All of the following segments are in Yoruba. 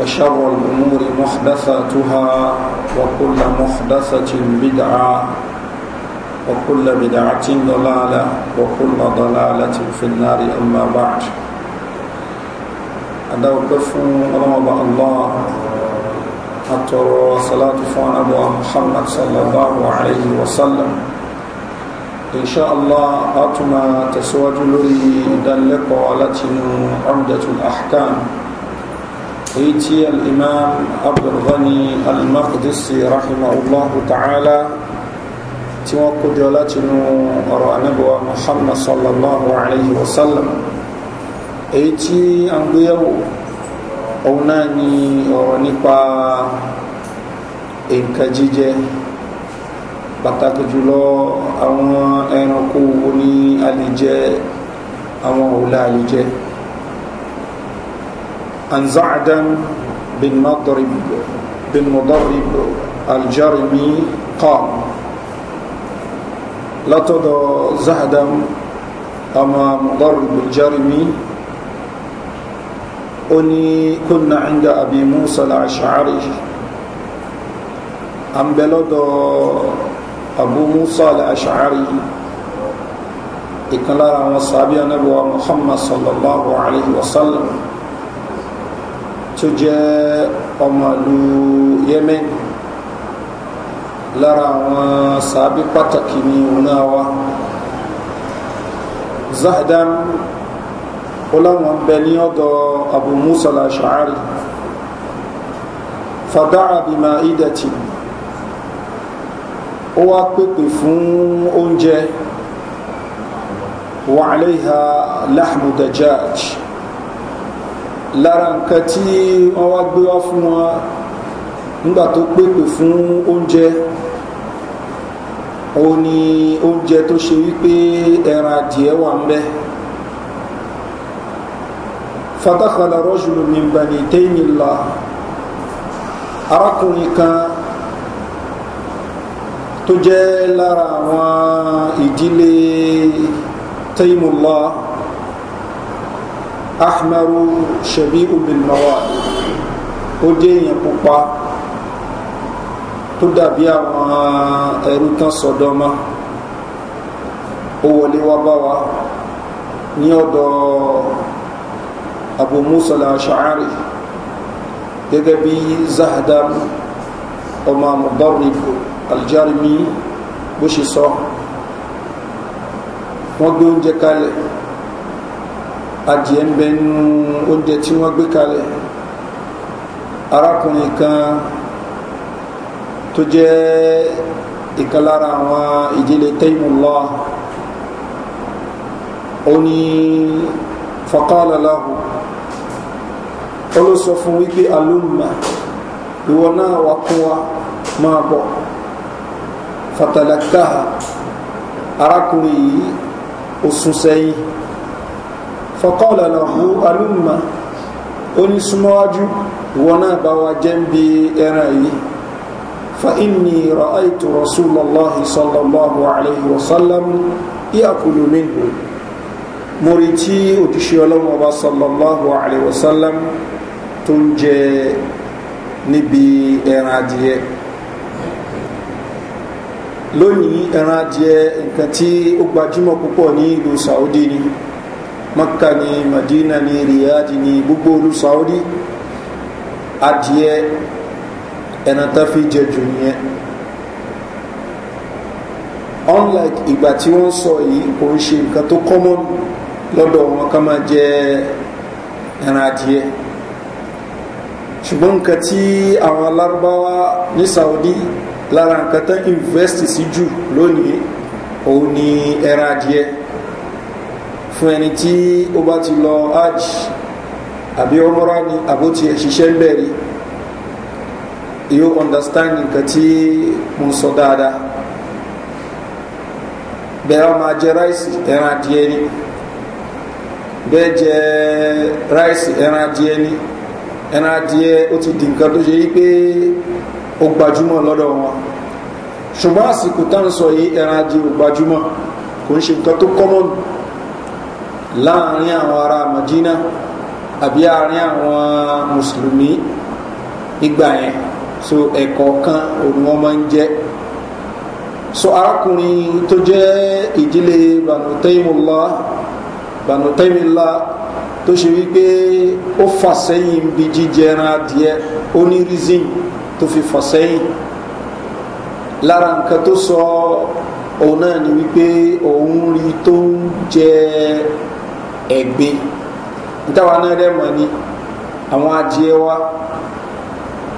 وشر الأمور محدثاتها وكل محدثة بدعة وكل بدعة ضلالة وكل ضلالة في النار أما بعد أدوقف رمض الله أترى صلاة فان محمد صلى الله عليه وسلم إن شاء الله أتما تسوى جلري دلق ولتن عمدة الأحكام èyí tí al-imam abdulghani al-maqdisi rahimahullahu ta'ala tí wọ́n kójọ láti nu ọ̀rọ̀ anábọ̀wá muhammad sallallahu alayhi wa sallam èyí tí a ń gbéyàwó òun náà ni ọ̀rọ̀ nípa nǹkan jíjẹ pàtàkì jùlọ àwọn ẹranko wo ni a lè jẹ àwọn òun láàyè jẹ. عن زعدن بن مضرب بن مضرب الجرمي قال لا تدع زهدم أما مضرب الجرمي أني كنا عند أبي موسى الأشعري أم بلد أبو موسى الأشعري إكلارا وصابيا نبوى محمد صلى الله عليه وسلم tó jẹ́ ọmọlú yemen lára àwọn sàábí pàtàkì ní ọ̀nà wa zahdan ọlọ́wọ́n bẹ ní ọ̀dọ̀ abu musa lashari fada'a bima idati ó wá pèpè fún oúnjẹ wa alayha lahmu dajaj lára nǹkan tí wọ́n wá gbé wá fún wọn nígbà tó pépè fún oúnjẹ òun ni oúnjẹ tó ṣe wípé ẹran adìẹ wà ń bẹ́ẹ̀ fatakala rọ́jùlù mìmbani tẹ́yìnlá arákùnrin kan tó jẹ́ lára àwọn ìdílé tẹ́yìnlá ahmaru ṣẹ̀bí obìnrinmọ́wà ó jẹ́ èèyàn pupa tó dàbí àwọn ẹ̀rú tán sọ̀dọ́mà ó wọlé wá bá wa ní ọ̀dọ̀ abu musa al-ashari gẹ́gẹ́ bí zahadam ọmọ mudarrib aljarmi bó ṣe sọ wọ́n gbé oúnjẹ kalẹ̀ adìẹ ń bẹ nínú oúnjẹ tí wọ́n gbé kalẹ̀ arákùnrin kan tó jẹ́ ìkan lára àwọn ìdílé tẹ́ìmùlá ó ní fọkànláláhù ó ló sọ fún wípé alóòmà ìwọ náà wà kún wa máa bọ̀ fatalakaha arákùnrin yìí ó sún sẹ́yìn fọkọ́ọ̀lá náà hu alúmọ̀ ó ní súnmọ́wájú ìwọ náà bá wa jẹ́ ń bi ẹran yìí fa inni ra'aytu rasulallahi sallallahu alayhi wa sallam yakulu minhu mo rí tí òjíṣẹ́ ọlọ́run ọba sallallahu alayhi wa sallam tó ń jẹ níbi ẹran adìyẹ lónìí ẹran adìyẹ nǹkan tí ó gbajúmọ̀ púpọ̀ ní ìlú saudi ni. Lo, maka ni madina ni riyadi ni gbogbo olú saudi adìẹ ẹ̀nà tá fi jẹ jù unlike ìgbà tí wọ́n sọ yìí kò ń ṣe nǹkan tó common lọ́dọ̀ wọn ká máa jẹ ẹran adìẹ ṣùgbọ́n nǹkan tí àwọn alárúbáwá ní saudi lára nǹkan tán invest sí jù lónìí òun ni ẹran adìẹ fún ẹni tí ó bá ti lọ hajj àbí ọmọra ni àbótí ẹ̀ṣiṣẹ́ ń bẹ̀rẹ̀ yóò understand nǹkan tí mo ń sọ dáadáa bẹ́ẹ̀ a máa jẹ ráìsì ẹran adìẹ ni bẹ́ẹ̀ jẹ ráìsì ẹran adìẹ ni ẹran adìẹ ó ti di nǹkan tó ṣe yí pé ó gbajúmọ̀ lọ́dọ̀ wọn ṣùgbọ́n àsìkò tá à ń sọ yìí ẹran adìẹ ò gbajúmọ̀ kò ń ṣe nǹkan tó kọ́mọ̀nù láàrin àwọn ará Madina àbí àárín àwọn mùsùlùmí nígbà yẹn so ẹ̀kọ́ kan òun wọn máa ń jẹ́ so arákùnrin tó jẹ́ ìdílé Banu Taymillah Banu Taymillah tó ṣe wípé ó fà sẹ́yìn bí jíjẹran adìẹ ó ní rizin tó fi fà sẹ́yìn lára nǹkan tó sọ òun náà ni wípé òun rí tó ń jẹ ẹ̀gbin nítawa náà rẹ̀ mọ̀ ni àwọn adìẹ wa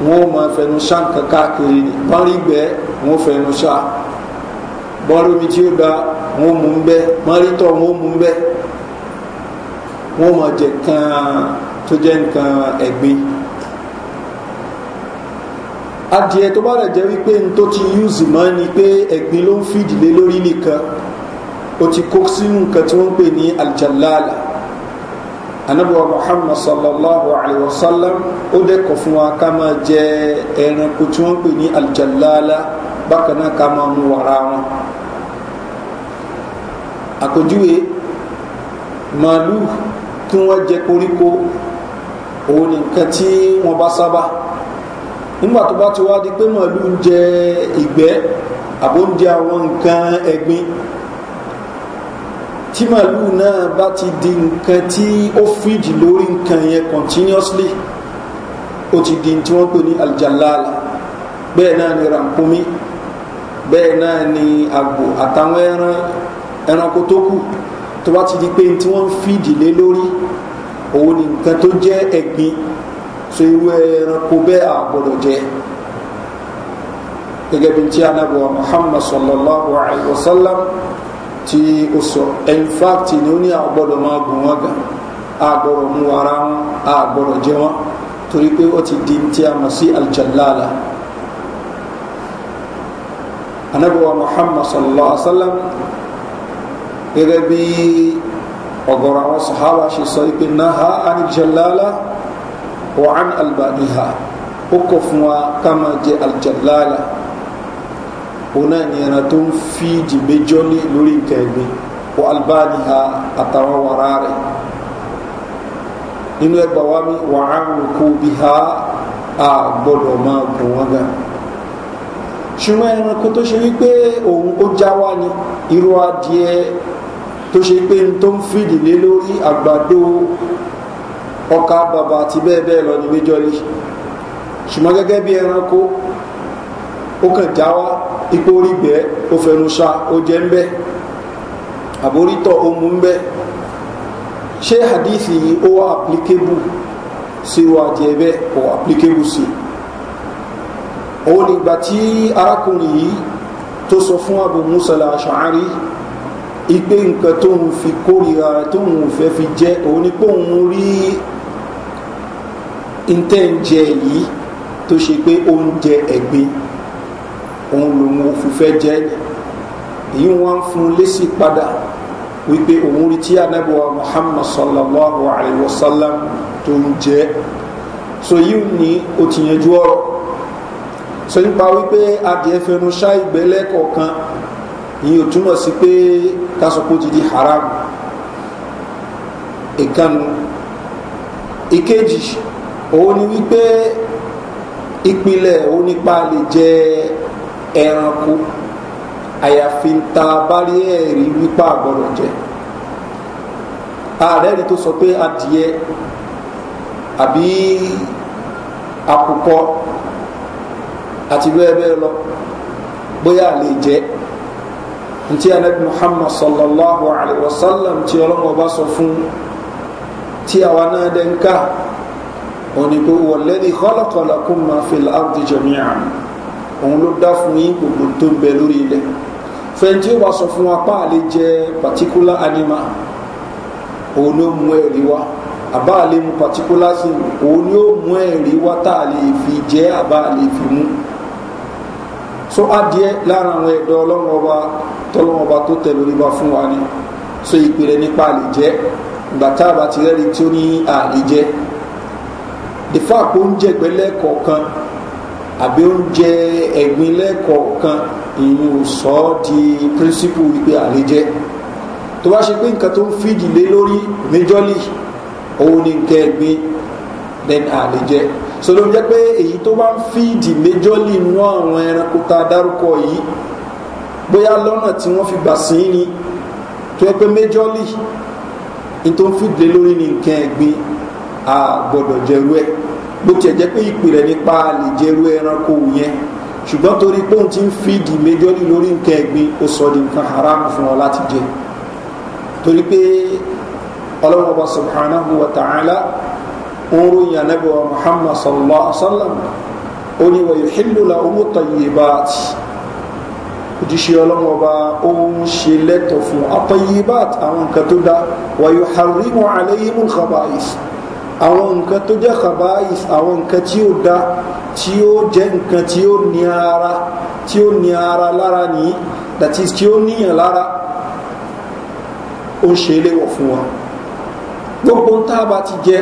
wọn ma máa fẹnu ṣàn kankan kiri ni bọ́nrí gbẹ́ wọn ò fẹnu ṣà bọ́nrí omi tí ó da wọn mu n un bẹ́ bọ́nrí tọ̀ mu n mú un ma wọn ò máa jẹ kan tó jẹ́ nǹkan ẹ̀gbin adìẹ tó bá rẹ̀ jẹ́ wípé n tó ti yúùsì mọ́ ni pé ẹ̀gbin ló ń fìdílé lórí nìkan. o ti kó sínú nǹkan tí wọ́n ń pè ní aljalala anabiwa muhammad sallallahu alayhi wa sallam ó dẹ́kọ̀ fún wa ká máa jẹ ẹranko tí wọ́n ń pè ní aljalala bákan náà ká máa mú wàrà wọn àpèjúwe màálù tí wọ́n jẹ koríko òun ni nǹkan tí wọ́n bá sábà nígbà tó bá ti wá di pé màálù ń jẹ ìgbẹ́ àbó ń jẹ àwọn nǹkan ẹ̀gbin tí màálù náà bá ti di nǹkan tí ó fíjì lórí nǹkan yẹn continuously ó ti di tí wọ́n pè ní aljalala bẹ́ẹ̀ náà ni rampumi bẹ́ẹ̀ náà ni àgbò àtàwọn ẹran ẹranko tó kù tó bá ti di pé tí wọ́n ń fíjì lé lórí òun ni nǹkan tó jẹ́ ẹ̀gbin so irú ẹranko bẹ́ẹ̀ àgbọ̀dọ̀ jẹ́ gẹ́gẹ́ bí tí anábọ̀ muhammad sallallahu alayhi wa sallam tí ó sọ in fact ni ó ní àgbọ̀dọ̀ máa gùn wọn gan àgbọ̀rọ̀ mú ara wọn àgbọ̀rọ̀ jẹ wọn torí pé ó ti di tí a mọ̀ sí aljalala anabiwa muhammad sallallahu alaihi wa sallam gẹ́gẹ́ bí ọ̀gọ̀rọ̀ àwọn sahaba ṣe sọ pé náà aljalala wà án albaniha ó kọ̀ fún wa ká máa jẹ aljalala. òun náà ni ẹran tó ń fi jìgbé jọ́lé lórí nǹkan ẹ̀gbin wọ albani ha àtàwọn wàrà rẹ̀ wa ha a gbọ́dọ̀ máa gùn wọ́n gan to se wipe ohun wípé òun irú adìẹ tó n fidi lórí àgbàdo ọkà bàbà àti bẹ́ẹ̀ bẹ́ẹ̀ lọ ní méjọ́lì ṣùgbọ́n gẹ́gẹ́ bí ẹranko ipò orí bẹ́ẹ̀ ó fẹnu sa ó jẹ́ ń hadithi yìí ó wá applicable sí wa jẹ́ bẹ́ẹ̀ kò applicable sí òun nígbà tí arákùnrin yìí tó sọ fún abu musa la ṣàárí ipe nǹkan tó ń fi kórìíra tó ń fẹ́ fi jẹ́ òun ni pé òun rí ntẹ́ǹjẹ yìí tó ṣe pé oúnjẹ ẹ̀gbin. E òun lòun ò fífẹ́ jẹ́ èyí wọ́n ń fún lésì padà wípé òun rí tí anábíwá muhammad sallallahu alayhi wa sallam tó ń jẹ́ so yìí ni ó ti yanjú ọ̀rọ̀ so nípa wípé adìẹ fẹnu ṣá ìgbẹ́lẹ́ kọ̀ọ̀kan ìyẹn ò túmọ̀ sí pé kásòkò ti di haram ìkànnì ìkejì òun ni wípé ìpìlẹ̀ òun nípa lè jẹ́ ẹranko àyàfi ta bárí ẹ̀rí wípá àgbọ̀dọ̀ jẹ ààrẹ ni tó sọ pé adìẹ àbí àkùkọ àti bẹ́ẹ̀ bẹ́ẹ̀ lọ bóyá lè jẹ́ ntí anabi muhammad sallallahu alayhi wa sallam tí ọlọ́wọ́ bá sọ fún tí àwa náà dẹ́ńká òní pé wọ́n lẹ́ni kọ́lọ́kọ́lọ́ kún máa fi láàrúdì jẹ̀míà òun ló dá fún yín gbogbo tó ń bẹ lórí ilẹ̀ fẹ́ntì ó wá sọ fún wa pa àlè jẹ particular animal òun ló mú ẹ̀rí wá àbá àlè mu particular sin òun ni ó mú ẹ̀rí wá tá a lè fi jẹ́ àbá a fi mú so adìẹ lára àwọn ẹ̀dọ́ ọlọ́run ọba tọ́lọ́run ọba tó tẹ̀ lórí bá fún wa ni so ìpìlẹ̀ nípa àlè jẹ́ ìgbà tá a bá tí ó ní àlè jẹ́ ìfáàpọ̀ oúnjẹ ìpẹ́lẹ́ kọ̀ọ̀kan àbí oúnjẹ ẹ̀gbin lẹ́kọ̀ọ̀kan ìyún sọ ọ́ di píríncípù wípé àlejẹ́ tó bá ṣe pé nǹkan tó ń fìdí lé lórí méjọ́lì òun ni nǹkan ẹ̀gbin then àlejẹ́ so ló ń jẹ́ pé èyí tó bá ń fìdí méjọ́lì inú àwọn ẹranko tá dárúkọ yìí bóyá lọ́nà tí wọ́n fi gbà sí ni tó yẹ pé méjọ́lì ní tó ń fìdí lé lórí ni nǹkan ẹ̀gbin a gbọ́dọ̀ jẹ́rú ẹ̀ bó tiẹ̀ jẹ́ pé ìpìlẹ̀ nípa lè jẹ́rú ẹranko yẹn ṣùgbọ́n torí pé òun ti ń fìdí méjọ́lì lórí nǹkan ẹ̀gbin ó sọ di nǹkan haram fún ọ láti jẹ torí pé ọlọ́run ọba subhanahu wa ta'ala ń ròyìn anábì wa muhammad sallallahu alaihi wa sallam ó ní wọ́n yóò hìlù la owó tọ̀yẹ̀ bá ojúṣe ọlọ́run ọba ó ń ṣe lẹ́tọ̀ fún atọ̀yẹ̀ bá àwọn nǹkan tó dá wọ́n yóò harimu alayhimul khaba'is àwọn nǹkan tó jẹ́ khabais àwọn nǹkan tí ó da tí ó jẹ́ nǹkan tí ó ní ara tí ó ní ara lára nìyí that is tí ó níyàn lára ó ń ṣe eléwọ̀ fún wa gbogbo tá a bá ti jẹ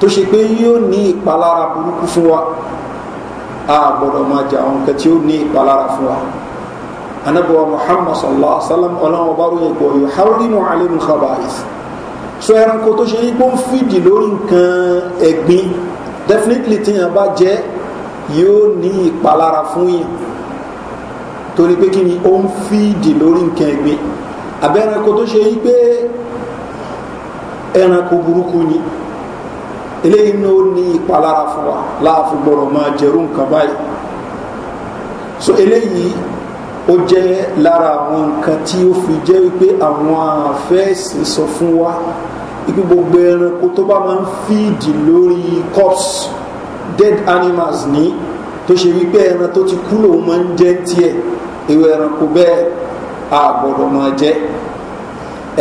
tó ṣe pé yóò ní ìpalára burúkú fún wa a gbọdọ̀ máa jẹ àwọn nǹkan tí ó ní ìpalára fún wa anabuwa muhammad sallallahu alaihi wa sallam ọlọ́run ọba ròyìn pọ̀ yóò hàrúdínú alẹ́ nù khabais so ẹranko tó ṣe yípo ń fìdí lórí nǹkan ẹ̀gbin definitely tíyàn bá jẹ́ yóò ní ìpalára fún yìí torí pé kí ni ó ń fìdí lórí nǹkan ẹ̀gbin àbẹ́ ẹranko tó ṣe yí pé ẹranko burúkú ni eléyìí ní ó ní ìpalára fún wa láàfin gbọ́dọ̀ máa jẹ̀rú nǹkan báyìí so eléyìí ó jẹ́ lára àwọn nǹkan tí ó fi jẹ́ wípé àwọn àfẹ́ẹ̀sì sọ fún wa ipi gbogbo ẹranko tó bá máa ń fíìdì lórí corpse dead animals ní tó ṣe wípé ẹran tó ti kú lòun máa ń jẹ́ tiẹ̀ ìwé ẹranko bẹ́ẹ̀ a gbọ́dọ̀ máa jẹ́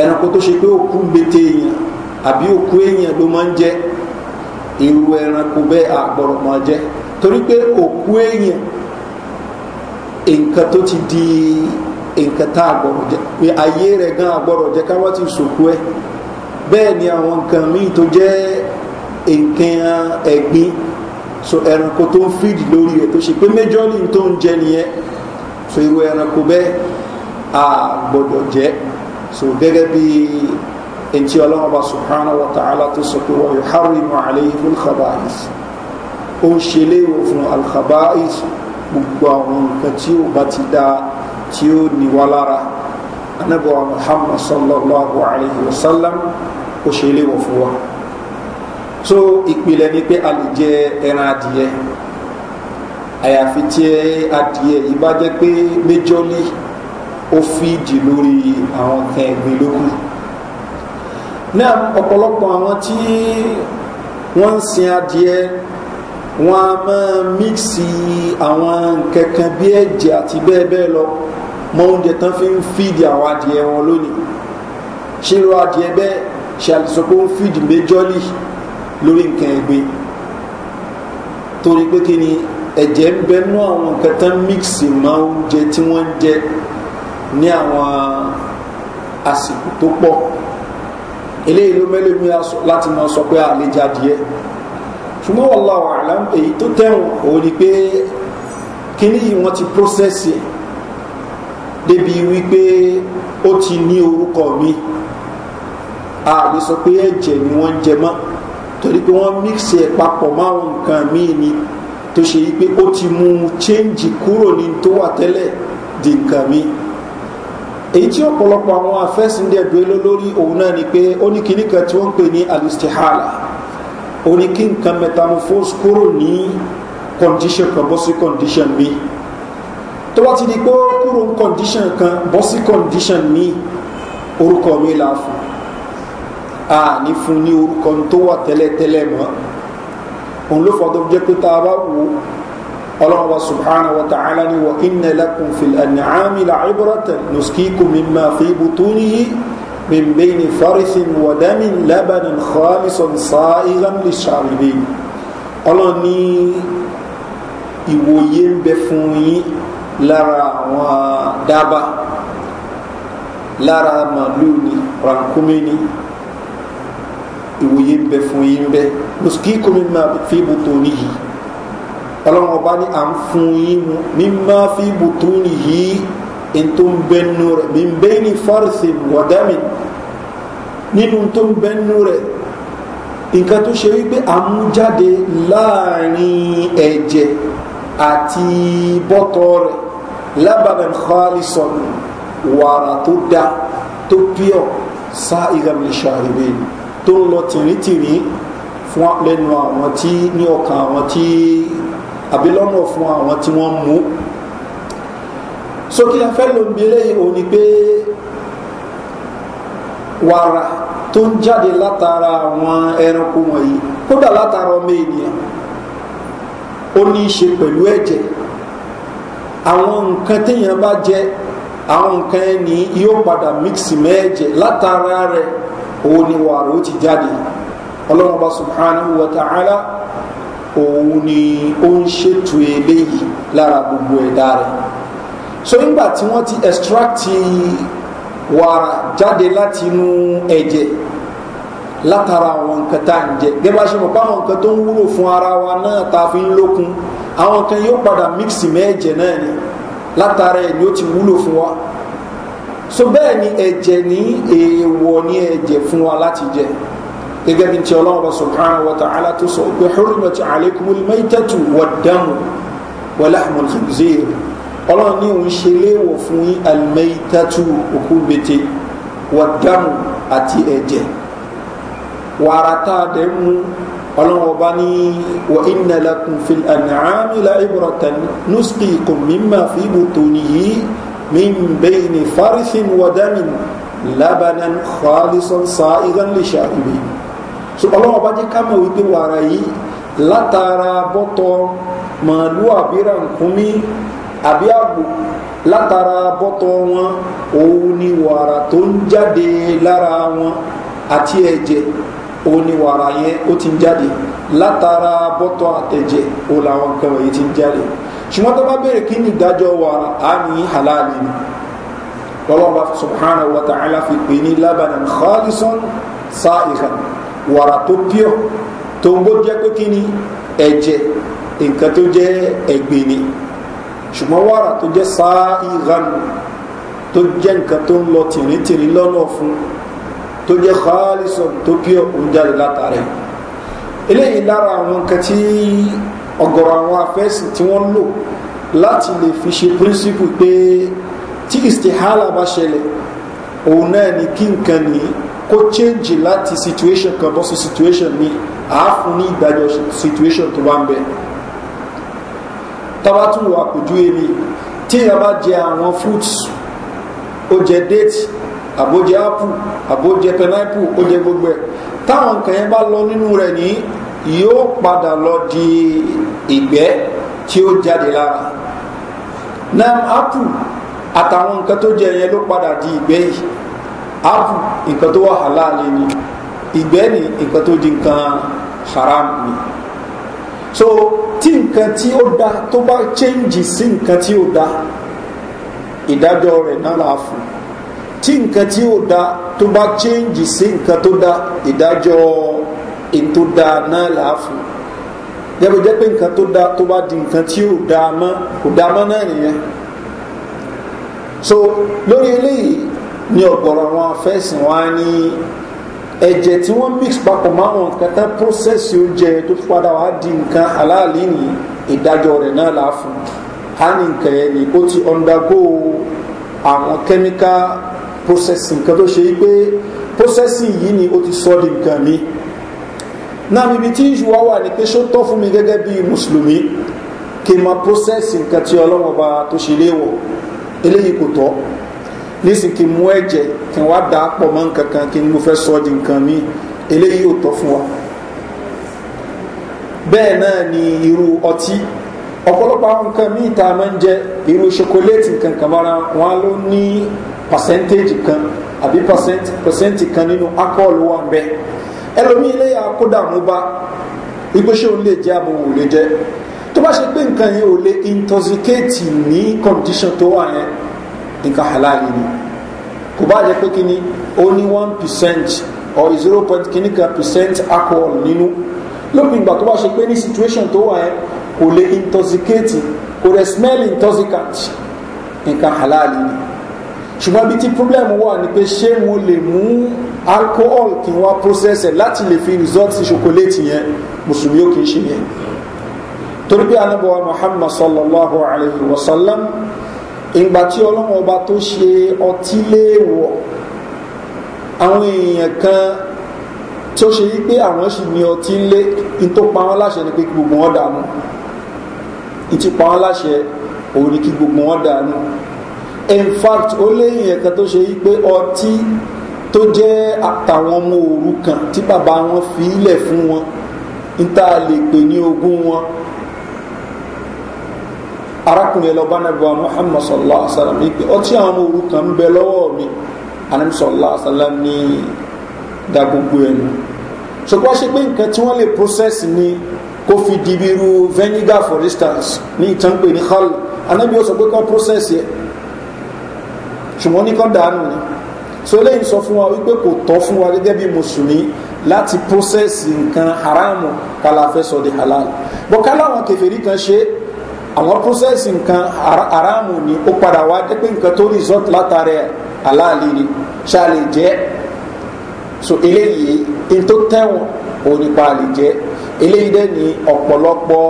ẹranko tó ṣe pé òkú gbete èèyàn àbí òkú èèyàn ló máa ń jẹ́ irú ẹranko bẹ́ẹ̀ a gbọ́dọ̀ máa jẹ́ torí pé òkú èèyàn nǹkan tó ti di nǹkan tá a gbọ́dọ̀ jẹ pé ayé rẹ̀ gan agbọ́dọ̀ jẹ káwá ti sòkú ẹ bẹ́ẹ̀ ni àwọn nǹkan míì tó jẹ́ nǹkan ẹ̀gbin so ẹranko tó ń fìdí lórí rẹ̀ tó ṣe pé méjọ́lì tó ń jẹ nìyẹn so irú ẹranko bẹ́ẹ̀ a gbọ́dọ̀ jẹ́ so gẹ́gẹ́ bí ẹ̀ntì ọlọ́run ọba subhanahu wa ta'ala tó sọ pé wọ́n yóò harry mu alayhi fún ó ń ṣe léèwọ̀ fún alkhaba'is gbogbo àwọn nǹkan tí ó bá ti dá tí ó ní wá lára anábọ̀wá muhammad sallallahu alayhi wa sallam ó ṣe ilé wọ̀ fún wa so ìpìlẹ̀ ni pé a lè jẹ ẹran adìyẹ àyàfi tí adìyẹ yìí bá jẹ́ pé méjọ́lì ó fídì lórí àwọn nǹkan lókù náà ọ̀pọ̀lọpọ̀ àwọn tí wọ́n ń sin adìyẹ wọn a máa mixi àwọn kankan bí ẹ̀jẹ̀ àti bẹ́ẹ̀ bẹ́ẹ̀ lọ mọ oúnjẹ tán fi ń fídì àwọn adìẹ wọn lónìí ṣé irú adìẹ bẹ́ẹ̀ ṣe àlùsọ pé ń fídì méjọ́lì lórí nǹkan ẹ̀gbin torí pé kí ni ẹ̀jẹ̀ ń bẹ nú àwọn nǹkan tán mixi mọ oúnjẹ tí wọ́n ń jẹ ní àwọn àsìkò tó pọ̀ eléyìí ló mẹ́lẹ́mí láti máa sọ pé àlejò adìẹ ṣùgbọ́n wallahu a'lam èyí tó tẹ̀wọ̀n òun ni pé kíní yìí wọ́n ti prósẹ́sì débi wípé ó ti ní orúkọ mi a lè sọ pé ẹ̀jẹ̀ ni wọ́n ń jẹ mọ́ torí pé wọ́n mixi papọ̀ máwọn nǹkan míì ni tó ṣe wípé ó ti mú chẹ́ǹjì kúrò ní tó wà tẹ́lẹ̀ di nǹkan mi èyí tí ọ̀pọ̀lọpọ̀ àwọn afẹ́sìndẹ̀dúró lórí òun náà ni pé ó ní kíní kan tí wọ́n ń pè ní alistihala òní kí nǹkan metamorphose kúrò ní condition kan bọ́ sí condition mi tó bá ti di pé kúrò ní condition kan bọ́ sí condition mi orúkọ mi là fún a ní fún ní orúkọ tó wà tẹ́lẹ̀tẹ́lẹ̀ mọ́ òun ló fọ́ tó jẹ́ pé a bá wò ó wa subhana wa ta'ala ni wa inna lakum fil an'ami la ibratan nuskikum mimma fi butunihi من بين فرث ودم لبنا خالصا صائغا للشاربين ọlọ́run ní ìwòye ń bẹ fún yín lára àwọn dábà lára màlúù ni rànkúmí ni ìwòye ń bẹ fún yín bẹ mùsùlùmí mímá fi bùtò nìyí ọlọ́run ọba ní à ń fún yín mímá fi bùtò nìyí ètò ń bẹ nínú rẹ̀ mi ń bẹ́ ní fárìsì wọ̀dámì nínú tó ń bẹ nínú rẹ̀ nǹkan tó ṣe wípé àmújáde láàrin ẹ̀jẹ̀ àti bọ́tọ̀ rẹ̀ lábàbẹ̀ khalisọ̀ wàrà tó dá tó pure sá ìgbàmìlẹ̀ṣà rèé tó ń lọ tìrìntìrìn fún lẹ́nu àwọn tí ní ọkàn àwọn tí àbí lọ́nà fún sókè afẹ́ ló ń bi eléyìí òní pé wàrà tó ń jáde látara àwọn ẹranko wọ̀nyí kódà látara ọmọ ènìyàn ó ní í ṣe pẹ̀lú ẹ̀jẹ̀ àwọn nǹkan téèyàn bá jẹ àwọn nǹkan ẹni yóò padà mixi mẹ́ẹ̀jẹ̀ látara rẹ̀ òun ni wàrà ó ti jáde ọlọ́run bá subhanahu wa ta'ala òun ni ó ń ṣètò eléyìí lára gbogbo ẹ̀dá rẹ̀ so nígbà tí wọ́n ti extract wàrà jáde láti inú ẹ̀jẹ̀ látara àwọn nǹkan tá à ń jẹ gẹ́gẹ́ bá ṣe mọ̀ pé àwọn nǹkan tó ń wúlò fún ara wa náà ta fi ń lókun àwọn kan yóò padà mixi mẹ́ẹ̀jẹ̀ náà ni látara ẹ̀ ni ó ti wúlò fún wa so bẹ́ẹ̀ ni ẹ̀jẹ̀ ní èèwọ̀ ní ẹ̀jẹ̀ fún wa láti jẹ gẹ́gẹ́ bí ti ọlọ́run bá subhanahu wa ta'ala tó sọ pé hurrimat alaykumul maytatu wad damu wa lahmul khinzir ọlọ́run ní òun ṣe léèwọ̀ fún yín alimẹ́tẹ́tù òkú bete wàdàmù àti ẹ̀jẹ̀ wàrà tá a dẹ̀ mú ọlọ́run ọba ní wà ìnàlẹ́kùn fi ànàmìlà ìbùrọ̀tà nùsùkì kò mímà fi ibùtò nìyí mímbẹ́yìn ní farisin wàdàmìn labanan khalisan sa'igan lè ṣàkùbí so ọlọ́run ọba jẹ́ ká wípé wàrà yìí látara bọ́tọ̀ màálù àbírà nkúmi àbí àgbò látara bọ́tọ̀ wọn òun ni wàrà tó ń jáde lára wọn àti ẹ̀jẹ̀ òun ni wàrà yẹn ó ti ń jáde látara bọ́tọ̀ àtẹ̀jẹ̀ òun làwọn nǹkan wọ̀nyí ti ń jáde ṣùgbọ́n tó bá bèrè kí ni ìdájọ́ wàrà á ní halali ni lọ́lọ́ba subhanahu wa ta'ala fi pè ní labanan khalisan sa'ihan wàrà tó pure tó ń gbó jẹ́ pé kí ni ẹ̀jẹ̀ nǹkan tó jẹ́ ẹ̀gbìn ni ṣùgbọ́n wàrà tó jẹ́ sáà ìranù tó jẹ́ nǹkan tó ń lọ tìrìntìrìn lọ́nà fún tó jẹ́ xaalisọ̀n tó pure òun jáde látàrí eléyìí lára àwọn nǹkan tí ọ̀gọ̀rọ̀ àwọn afẹ́sìn tí wọ́n lò láti lè fi ṣe píríncípù pé tí istihala bá ṣẹlẹ̀ òun náà ni kí nǹkan ní kó change láti situation kan bọ́ situation ni àáfún ní ìdájọ́ situation tó bá ń bẹ̀rẹ̀ tabatun wa kò ju èmi tí èèyàn bá jẹ àwọn fruits ó jẹ date àbójẹ apple àbójẹ pineapple ó jẹ gbogbo ẹ táwọn nǹkan yẹn bá lọ nínú rẹ ní yóò padà lọ di ìgbẹ́ tí ó jáde lára náà apple àtàwọn nǹkan tó jẹ yẹn ló padà di ìgbẹ́ yìí apple nǹkan tó wà halal ni ìgbẹ́ ni nǹkan tó di nǹkan haram ni so tí nǹkan tí ó da tó bá change sí nǹkan tí ó da ìdájọ́ rẹ̀ náà là á fún tí nǹkan tí ó da tó bá change sí nǹkan tó da ìdájọ́ ètò da náà là á fún jẹ́bi jẹ́ pé nǹkan tó da tó bá di nǹkan tí ó da mọ́ kò da mọ́ náà nìyẹn so lórí eléyìí ni ọ̀pọ̀lọpọ̀ àwọn afẹ́sìn wa ni ẹ̀jẹ̀ tí wọ́n mix papọ̀ máwọn nǹkan tán prósẹ́sì oúnjẹ tó padà wá di nǹkan aláàlí ní ìdájọ́ rẹ̀ náà là fún a ní nǹkan yẹn ni ó ti undergo àwọn chemical processing nǹkan tó ṣe é pé processing yìí ni ó ti sọ di nǹkan mi náà níbi tí ìṣù wá wà ní pé ṣó tọ́ fún mi gẹ́gẹ́ bí mùsùlùmí kí n máa processing nǹkan tí ọlọ́wọ́ bá tó ṣe léwọ̀ eléyìí kò tọ́ nísìn kí n mú ẹ̀jẹ̀ kí n wá dà á pọ̀ mọ́ nǹkan kan kí n mo fẹ́ sọ di nǹkan míì eléyìí wa bẹ́ẹ̀ náà ni irú ọtí ọ̀pọ̀lọpọ̀ àwọn nǹkan míì tá a máa ń jẹ irú ṣokoléètì nǹkan kan mara wọn ló ní pàṣẹ́ntéèjì kan àbí pàṣẹ́ntì kan nínú akọ́ọ̀lù wa ń bẹ ẹlòmíì eléyà kódà mú bá igbóṣe òun lè jẹ àbò òun lè tó bá ṣe pé nǹkan yẹn ò lè intoxicate ní condition tó wà yẹn nǹkan halali ni kò bá jẹ́ pé kí ni ó one percent or zero point kìíní kan percent alcohol nínú lópin ìgbà tó bá ṣe pé ní situation tó wà yẹn kò lè intoxicate kò lè smell intoxicant nǹkan halali ni ṣùgbọ́n bí tí problem wà ní pé ṣé mo lè mú alcohol kí wọ́n process ẹ̀ láti lè fi result sí chocolate yẹn mùsùlùmí ó kì í ṣe yẹn torí pé anábọ̀wá muhammad sallallahu alayhi wa sallam ìgbà tí ọlọ́run ọba tó ṣe ọtí léèwọ̀ àwọn èèyàn kan tí ó ṣe yí pé àwọn sì ní ọtí lé ní tó pa wọn láṣẹ ni pé kí gbogbo wọn dànù ìtì pa wọn láṣẹ òun ni kí gbogbo wọn dànù in fact ó léyìn ẹ̀kan tó ṣe yí pé ọtí tó jẹ́ àtàwọn ọmọ òru kan tí bàbá wọn fi í fún wọn ní lè pè ní ogún wọn arákùnrin lọ bá nàbẹ̀wá muhammad sallallahu alaihi wa sallam yìí pé ọtí àwọn ọmọ òrukàn ń bẹ lọ́wọ́ mi anam sallallahu alaihi wa sallam ní da gbogbo ẹnu ṣùgbọ́n ṣe pé nǹkan tí wọ́n lè process ni kó fi di bí irú vinegar for instance ní ìtànpé ní hall anábìyó sọ pé kọ́ process yẹ ṣùgbọ́n ní kọ́ dànù ni so lẹ́yìn sọ fún wa wípé kò tọ́ fún wa gẹ́gẹ́ bí mùsùlùmí láti process nǹkan haramu kálá fẹ́ sọ di halal bọ́ kálá àwọn kẹfẹ́rí kan ṣe é àwọn process nǹkan aráàmù ni ó padà wá jẹ́ pé nǹkan tó result látara aláàlè ni ṣáàlè jẹ́ so eléyìí in tó tẹ̀wọ̀n òun àlè jẹ́ eléyìí dẹ́ ni ọ̀pọ̀lọpọ̀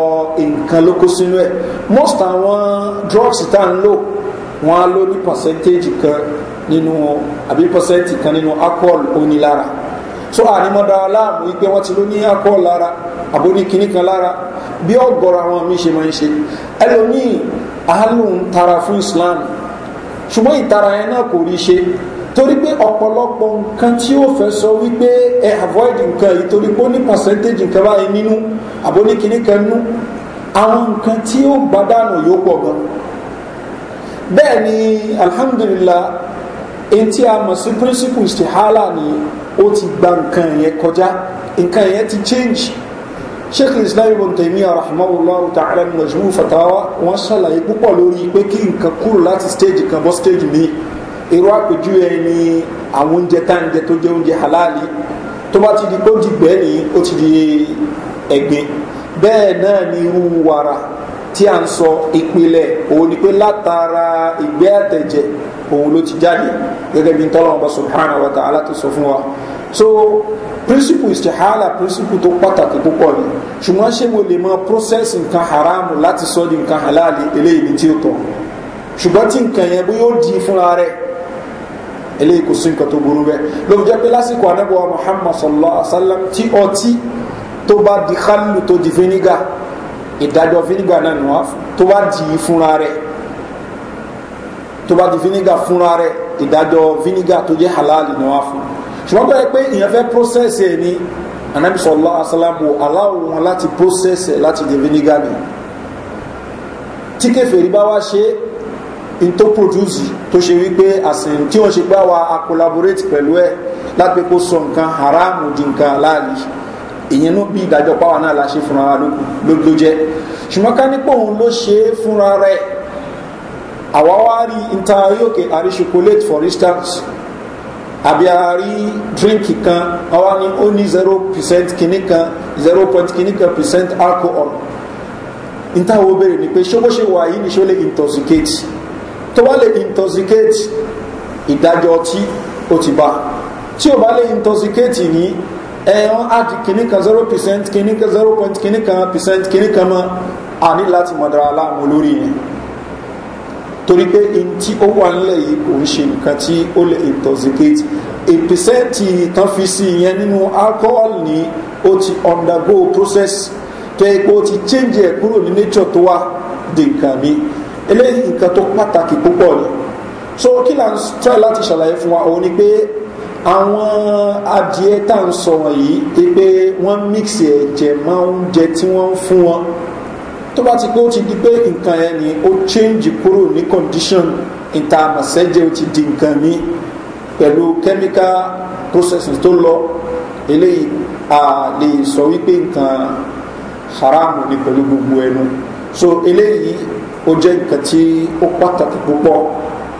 nǹkan ló kó sínú ẹ̀ most àwọn drugs tá à ń lò wọ́n á lò ní percentage kan nínú àbí percent kan nínú alcohol onílára. lára so ànímọ́dá aláàmù wípé wọ́n ti ló ní akọ́ lára àbó ní kinní kan lára bí ọ̀gọ̀rọ̀ àwọn míì ṣe máa ń ṣe ẹlòmíì àálùn tara fún islam ṣùgbọ́n ìtara yẹn náà kò rí ṣe torí pé ọ̀pọ̀lọpọ̀ nǹkan tí ó fẹ́ sọ wípé ẹ avoid nǹkan yìí torí pé ó ní percentage nǹkan báyìí nínú àbó ní kinní kan nú àwọn nǹkan tí ó gbádànù yóò pọ̀ gan bẹ́ẹ̀ ni alhamdulillah èyí a mọ̀ sí principle istihala nìyẹn ó ti gba nǹkan yẹn kọjá nǹkan yẹn ti change sheikh islam ibn taymiya rahimahullahu ta'ala majmu fatawa wọn ṣàlàyé púpọ̀ lórí pé kí nǹkan kúrò láti stage kan bọ́ stage mi irú àpèjúwe ẹni àwọn oúnjẹ tá ń jẹ tó jẹ oúnjẹ halali tó bá ti di pé ó ti gbẹ́ ni ó ti di ẹ̀gbin bẹ́ẹ̀ náà ni irú wàrà tí a ń sọ ìpìlẹ̀ òun ni pé látara ìgbé àtẹ̀jẹ̀ òun ló ti jáde gẹ́gẹ́ bí tọ́lọ́wọ́n subhanahu wa ta'ala tó sọ fún wa so principle istihala principle tó pàtàkì púpọ̀ ni ṣùgbọ́n ṣé mo lè mọ process nǹkan haramu láti sọ di nǹkan halali eléyìí ni tí ó tọ̀ ṣùgbọ́n tí nǹkan yẹn bóyá ó di fúnra rẹ̀ eléyìí kò sí nǹkan tó burú bẹ́ẹ̀ ló fi jẹ́ pé lásìkò anábọ̀ muhammad sallallahu alaihi wa sallam tí ọtí tó bá di khallu tó di vinegar ìdájọ́ vinegar náà nù wá tó bá dì í fúnra rẹ̀ tó bá di fínígà fúnra rẹ̀ ìdájọ́ fínígà tó jẹ́ halal nù wá fún ṣùgbọ́n bẹ́ẹ̀ pé ìyẹn fẹ́ process ẹ̀ ni anabi sọlá asalamu aláwọ̀ wọn láti process ẹ̀ láti di fínígà ni tí kẹfẹ́rí bá wá ṣe in tó produce tó ṣe wípé àsìn tí wọ́n ṣe pé àwa a collaborate pẹ̀lú ẹ̀ láti pé kó sọ nǹkan haram di nǹkan aláàlì ìyẹn ló bí ìdájọ́ páwa náà la ṣe fúnra wa ló jẹ́ ṣùgbọ́n ká nípò òun ló ṣe é fúnra rẹ̀ àwa wá rí àrí chocolate for instance àbí àrí drink kan àwa ni ó ní zero percent kìíní kan zero point kìíní kan percent alcohol ìtawọ̀ bèèrè ni pé ṣé bó ṣe wà yìí ni ṣó lè intoxicate tó bá lè intoxicate ìdájọ́ ọtí ó ti bá tí ò bá lè intoxicate ní ẹ̀yàn àti kìíní kan zero percent kìíní kan zero point kìíní kan percent kìíní kan mọ́ a ní láti mọ̀dára aláàmú olórí yẹn torí pé in tí ó wà nílẹ̀ yìí kò ń ṣe nǹkan tí ó lè intoxicate a percent tán fi sí yẹn nínú alcohol ni ó ti undergo process tó yẹ pé ó ti change ẹ̀ kúrò ní nature tó wà di nǹkan mi eléyìí nǹkan tó pàtàkì púpọ̀ ni so kí là ń try láti ṣàlàyé fún wa òun ni pé àwọn adìẹ tá à ń sọ wọ̀nyí pé wọ́n mix ẹ̀jẹ̀ mọ́ oúnjẹ tí wọ́n ń fún wọn tó bá ti pé ó ti di pé nǹkan yẹn ni ó change kúrò ní condition ìtààmọ̀sẹ́jẹ́ ó ti di nǹkan mi pẹ̀lú chemical processing tó lọ eléyìí a lè sọ wípé nǹkan haramu ni pẹ̀lú gbogbo ẹnu so eléyìí ó jẹ́ nǹkan tí ó pàtàkì púpọ̀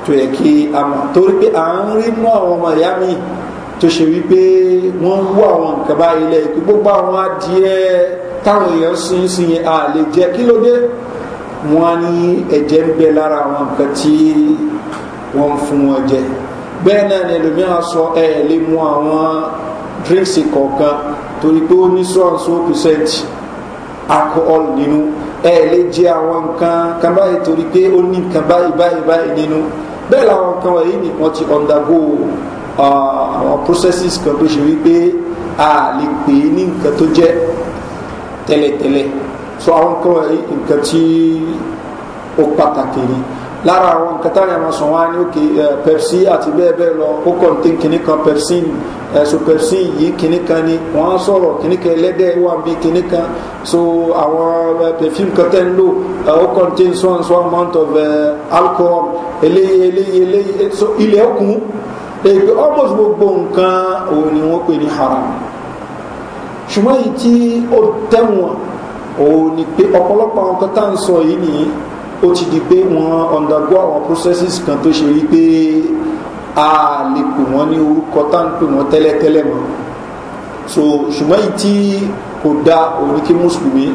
tó yẹ kí a mọ̀ torí pé à ń rí mú àwọn ọmọ ìyá mi tó ṣe wípé wọ́n ń wú àwọn nǹkan báyìí lẹ́yìn pé gbogbo àwọn adìẹ táwọn èèyàn sin sin yẹn a lè jẹ kí ló dé wọn á ní ẹ̀jẹ̀ ń bẹ lára àwọn nǹkan tí wọ́n ń fún wọn jẹ bẹ́ẹ̀ náà ni ẹlòmíràn sọ ẹ lè mú àwọn drinks kọ̀ọ̀kan torí pé ó ní so and percent alcohol nínú ẹ lè jẹ àwọn nǹkan kan báyìí torí pé ó ní nǹkan báyìí báyìí báyìí nínú bẹ́ẹ̀ làwọn kan wọ̀nyí nìkan ti undergo àwọn processes kan tó ṣe wípé a lè pè é ní nǹkan tó jẹ́ tẹ́lẹ̀tẹ́lẹ̀ so àwọn kan wọ̀nyí nǹkan tí ó pàtàkì ni lára àwọn nǹkan táyà máa sọ wá ní òkè eh, pepsi àti bẹ́ẹ̀ bẹ́ẹ̀ lọ ó kàn tí kìnnì kan pepsi ẹ̀sùn eh, yìí kìnnì ni wọ́n sọ̀rọ̀ kìnnì kan ẹlẹ́dẹ̀ wà bí kìnnì so àwọn eh, perfume kan tẹ́ ń lò ó kàn tí amount of alcohol eléyìí eléyìí eléyìí so ilẹ̀ ọkùn èyí almost gbogbo nǹkan òun ni wọ́n pè ní haram ṣùgbọ́n èyí tí ó tẹ̀wọ̀n òun ni pé ọ̀pọ̀lọpọ̀ àwọn kan ń sọ yìí nìyí ó ti di pé wọ́n undergo àwọn processes kan tó ṣe wípé a lè pè wọ́n ní orúkọ tá ń pè wọ́n tẹ́lẹ̀tẹ́lẹ̀ mọ́ so ṣùgbọ́n yìí tí kò dá òní kí mùsùlùmí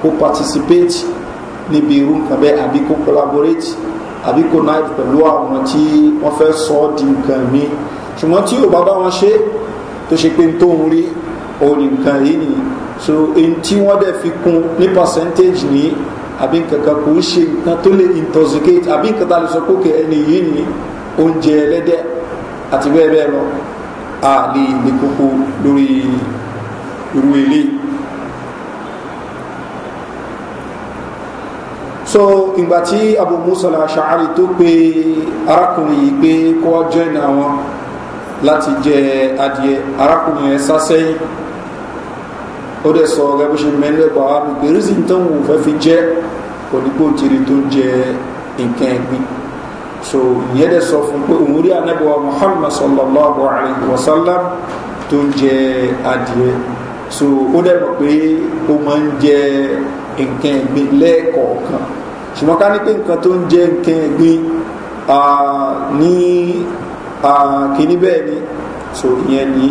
kó participate níbi irú nǹkan bẹ́ẹ̀ àbí kó collaborate àbí kó náà pẹ̀lú àwọn tí wọ́n fẹ́ sọ ọ́ di nǹkan mi ṣùgbọ́n tí ò bá bá wọn ṣe tó ṣe pé tó ń rí òní nǹkan yìí nìyí so èyí tí wọ́n dẹ̀ fi kún ní percentage nìyí Abin nkankan kò ń ṣe nǹkan intoxicate abin nǹkan tá a lè sọ pé ẹni yìí ni oúnjẹ ẹlẹ́dẹ̀ àti bẹ́ẹ̀ a lè lè kókó lórí irú ilé so ìgbà tí abu musa al-ashari tó pe arákùnrin yìí pé kó join àwọn láti jẹ adìẹ arákùnrin yẹn sá ó dẹ̀ sọ ọ̀rẹ́ bó ṣe mẹ́lẹ̀ bá wá pé rízìn tán wò fẹ́ fi jẹ́ onígbòjìrì tó ń jẹ nǹkan ẹ̀gbin so ìyẹn dẹ̀ sọ fún pé òun rí anábọ̀wá muhammad sallallahu alayhi wa sallam tó ń jẹ adìẹ so ó dẹ̀ mọ̀ pé ó máa ń jẹ nǹkan ẹ̀gbin lẹ́ẹ̀kọ̀ọ̀kan ṣùgbọ́n ká ní pé nǹkan tó ń jẹ nǹkan ẹ̀gbin ní kìíní bẹ́ẹ̀ ni so ìyẹn ni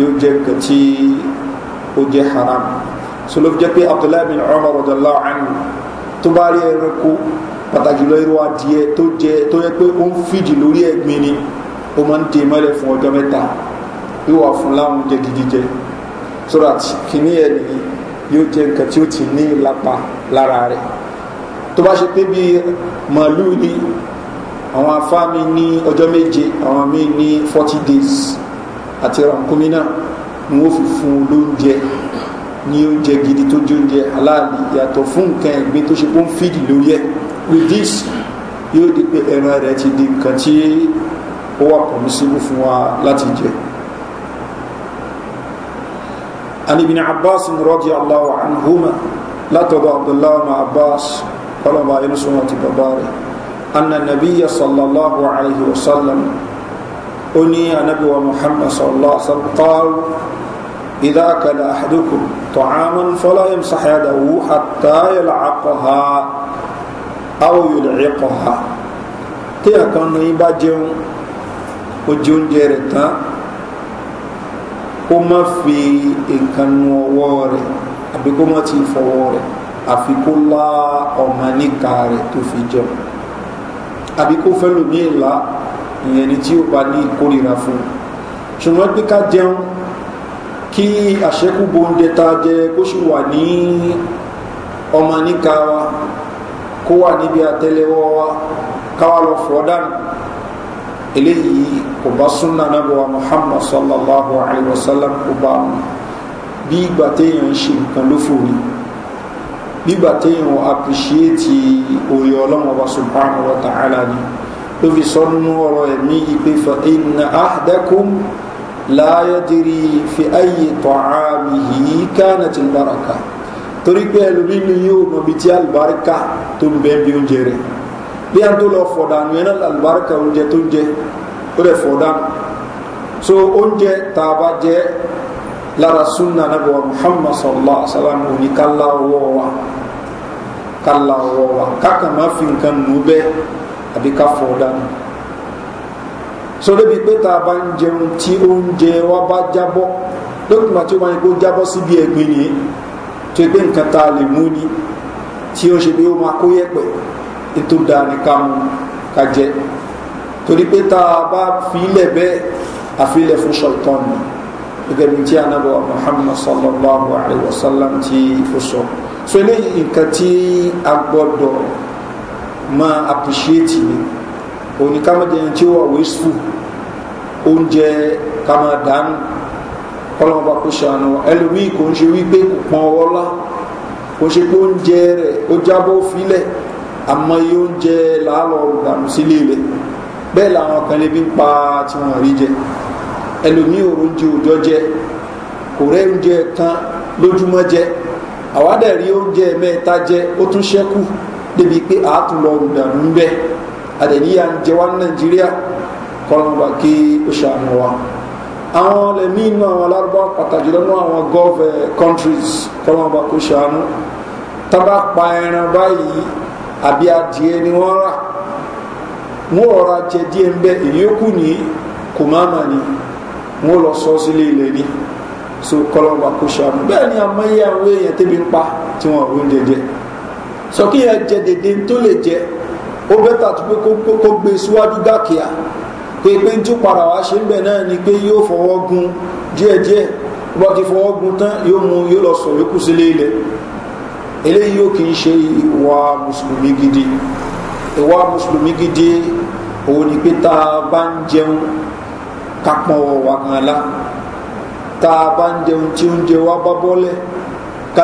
yóò jẹ́ nǹkan tí ó jẹ́ haram sọlọ́ jẹ́ pé abdullahi bin umar radallahu anhu tó bá rí ẹranko pàtàkì lọ irú adìẹ tó jẹ tó yẹ pé ó ń fìdí lórí ẹ̀gbin ni ó máa ń dè mọ́lẹ̀ fún ọjọ́ mẹ́ta yóò fún láwọn oúnjẹ gidi jẹ so that kìíní ẹ̀ nìyí yóò jẹ́ nǹkan tí ó ti ní lápá lára rẹ̀ tó bá ṣe pé bí màálù ni àwọn afá mi ní ọjọ́ méje àwọn míì ní forty days àti rànkúmí náà ni wọ́n fi fún un lóúnjẹ ní oúnjẹ gidi tó jẹ́ oúnjẹ aláàbí yàtọ̀ fún nǹkan ẹ̀gbin tó ṣe pé ń fìdí lórí ẹ̀ with this yóò di pé ẹran rẹ̀ ti di nǹkan tí ó wà pọ̀mísíbù fún wa láti jẹ. عن ابن عباس رضي الله عنهما لا تضع عبد الله مع عباس طلب عين سنة بباره أن النبي صلى الله عليه وسلم أني نبي محمد صلى الله عليه إذا كان أحدكم طعاما فلا يمسح يده حتى يلعقها أو يلعقها tí a kan ní bá jẹun ó jẹ oúnjẹ rẹ̀ tán kó má fi nǹkan nu ọwọ́ rẹ̀ àbí kó má ti fọwọ́ rẹ̀ àfi kó lá ọmọ níka rẹ̀ tó fi jẹun àbí kó fẹ́ lómi ìlà ìyẹn ni tí ó bá ní ìkórira fún un ṣùgbọ́n pé ká jẹun kí àṣẹ́kù bóúnjẹ ta jẹ kó sì wà ní ọmọ níka wa kó wà níbi àtẹ́lẹwọ́ wa káwa lọ fọ́ dànù eléyìí kò bá súnà nábọ̀wá muhammad sallallahu alayhi wa sallam kò bá mu bí ìgbà téèyàn ń ṣe nǹkan lófò ni bí ìgbà téèyàn appreciate orí ọlọ́run ọba subhanahu wa ta'ala ni ló fi sọ nínú ọ̀rọ̀ ẹ̀mí ìpè fa inna ahdakum la yadiri fi ayi ta'amihi kanat albaraka torí pé ẹlòmí ni yóò mọ bí tí alibarika tó ń bẹ bí oúnjẹ rẹ bí a tó lọ fọdànù yẹn náà alibarika oúnjẹ tó ń jẹ ó lè fọdànù so oúnjẹ tá a bá jẹ lára sunna nabi wa muhammad sallallahu alaihi wa sallam òní kálá ọwọ́ wa kálá ọwọ́ wa kákan máa fi nǹkan nù bẹ́ẹ̀ àbí ká fọdànù sọdọ́ bíi pé tá a bá ń jẹun tí oúnjẹ wa bá jábọ́ lókùn àti ó máa ń kó jábọ́ síbi ẹ̀gbin nìyẹn tó gbé nǹkan tá a lè mú ni tí ó ṣe pé ó máa kó yẹ̀pẹ̀ ètò dání ká jẹ torí pé tá a bá fi ilẹ̀ bẹ́ẹ̀ fún ṣọ̀tàn ni gẹ́gẹ́ bí tí anábọ̀ muhammad sallallahu alayhi wa sallam ti ó sọ so eléyìí nǹkan tí a gbọ́dọ̀ máa appreciate ni. òní ká má jẹ ẹni tí ó kama wasteful oúnjẹ ká má dànù kọ́lọ́mọ bá kó ṣàánú ẹlòmíì kò ko ṣe wípé kò pọn ọwọ́ lá kò o ṣe pé oúnjẹ rẹ̀ ó jábọ́ òfilẹ̀ àmọ́ iye oúnjẹ làálọ̀ kan le bi pa tí wọ́n rí jẹ ẹlòmíì òrò oúnjẹ òjọ́ jẹ kò kan lójúmọ́ jẹ àwádẹ́rí oúnjẹ mẹ́ta àdẹ̀níyà ń jẹ wá ní nàìjíríà kọ́lọ́mùbà kí ó ṣàánú wa àwọn ọlẹ́mí inú àwọn alárúbá pàtàkì lọ́nà àwọn gulf eh, countries kọ́lọ́mùbà kó ṣàánú tábà pa ẹran báyìí àbí adìẹ ni wọ́n rà mú ọ̀rọ̀ ajẹ díẹ̀ ń bẹ́ ìyókù ní kùmáàmà ni mú lọ sọ sílé ilẹ̀ ni so kọ́lọ́mùbà kó ṣàánú bẹ́ẹ̀ ni àmọ́yé àwọn èèyàn tẹ́bi ń pa tí wọ́n ò ń jẹjẹ sọ kí ẹ jẹ dédé tó lè jẹ ó bẹ́tà tó pé kó gbé síwájú gákìá pé pé tí ó padà wá ṣe ń bẹ̀ náà ni pé yóò fọwọ́ gun díẹ̀díẹ̀ bọ́ ti fọwọ́ gun tán yóò mú yóò lọ sọ yókù sílé ilẹ̀ eléyìí yóò kì í ṣe ìwà mùsùlùmí gidi ìwà mùsùlùmí gidi òun ni pé tá a bá ń jẹun ká pọn ọwọ́ tá a bá ń jẹun tí oúnjẹ wa bá bọ́lẹ̀ ká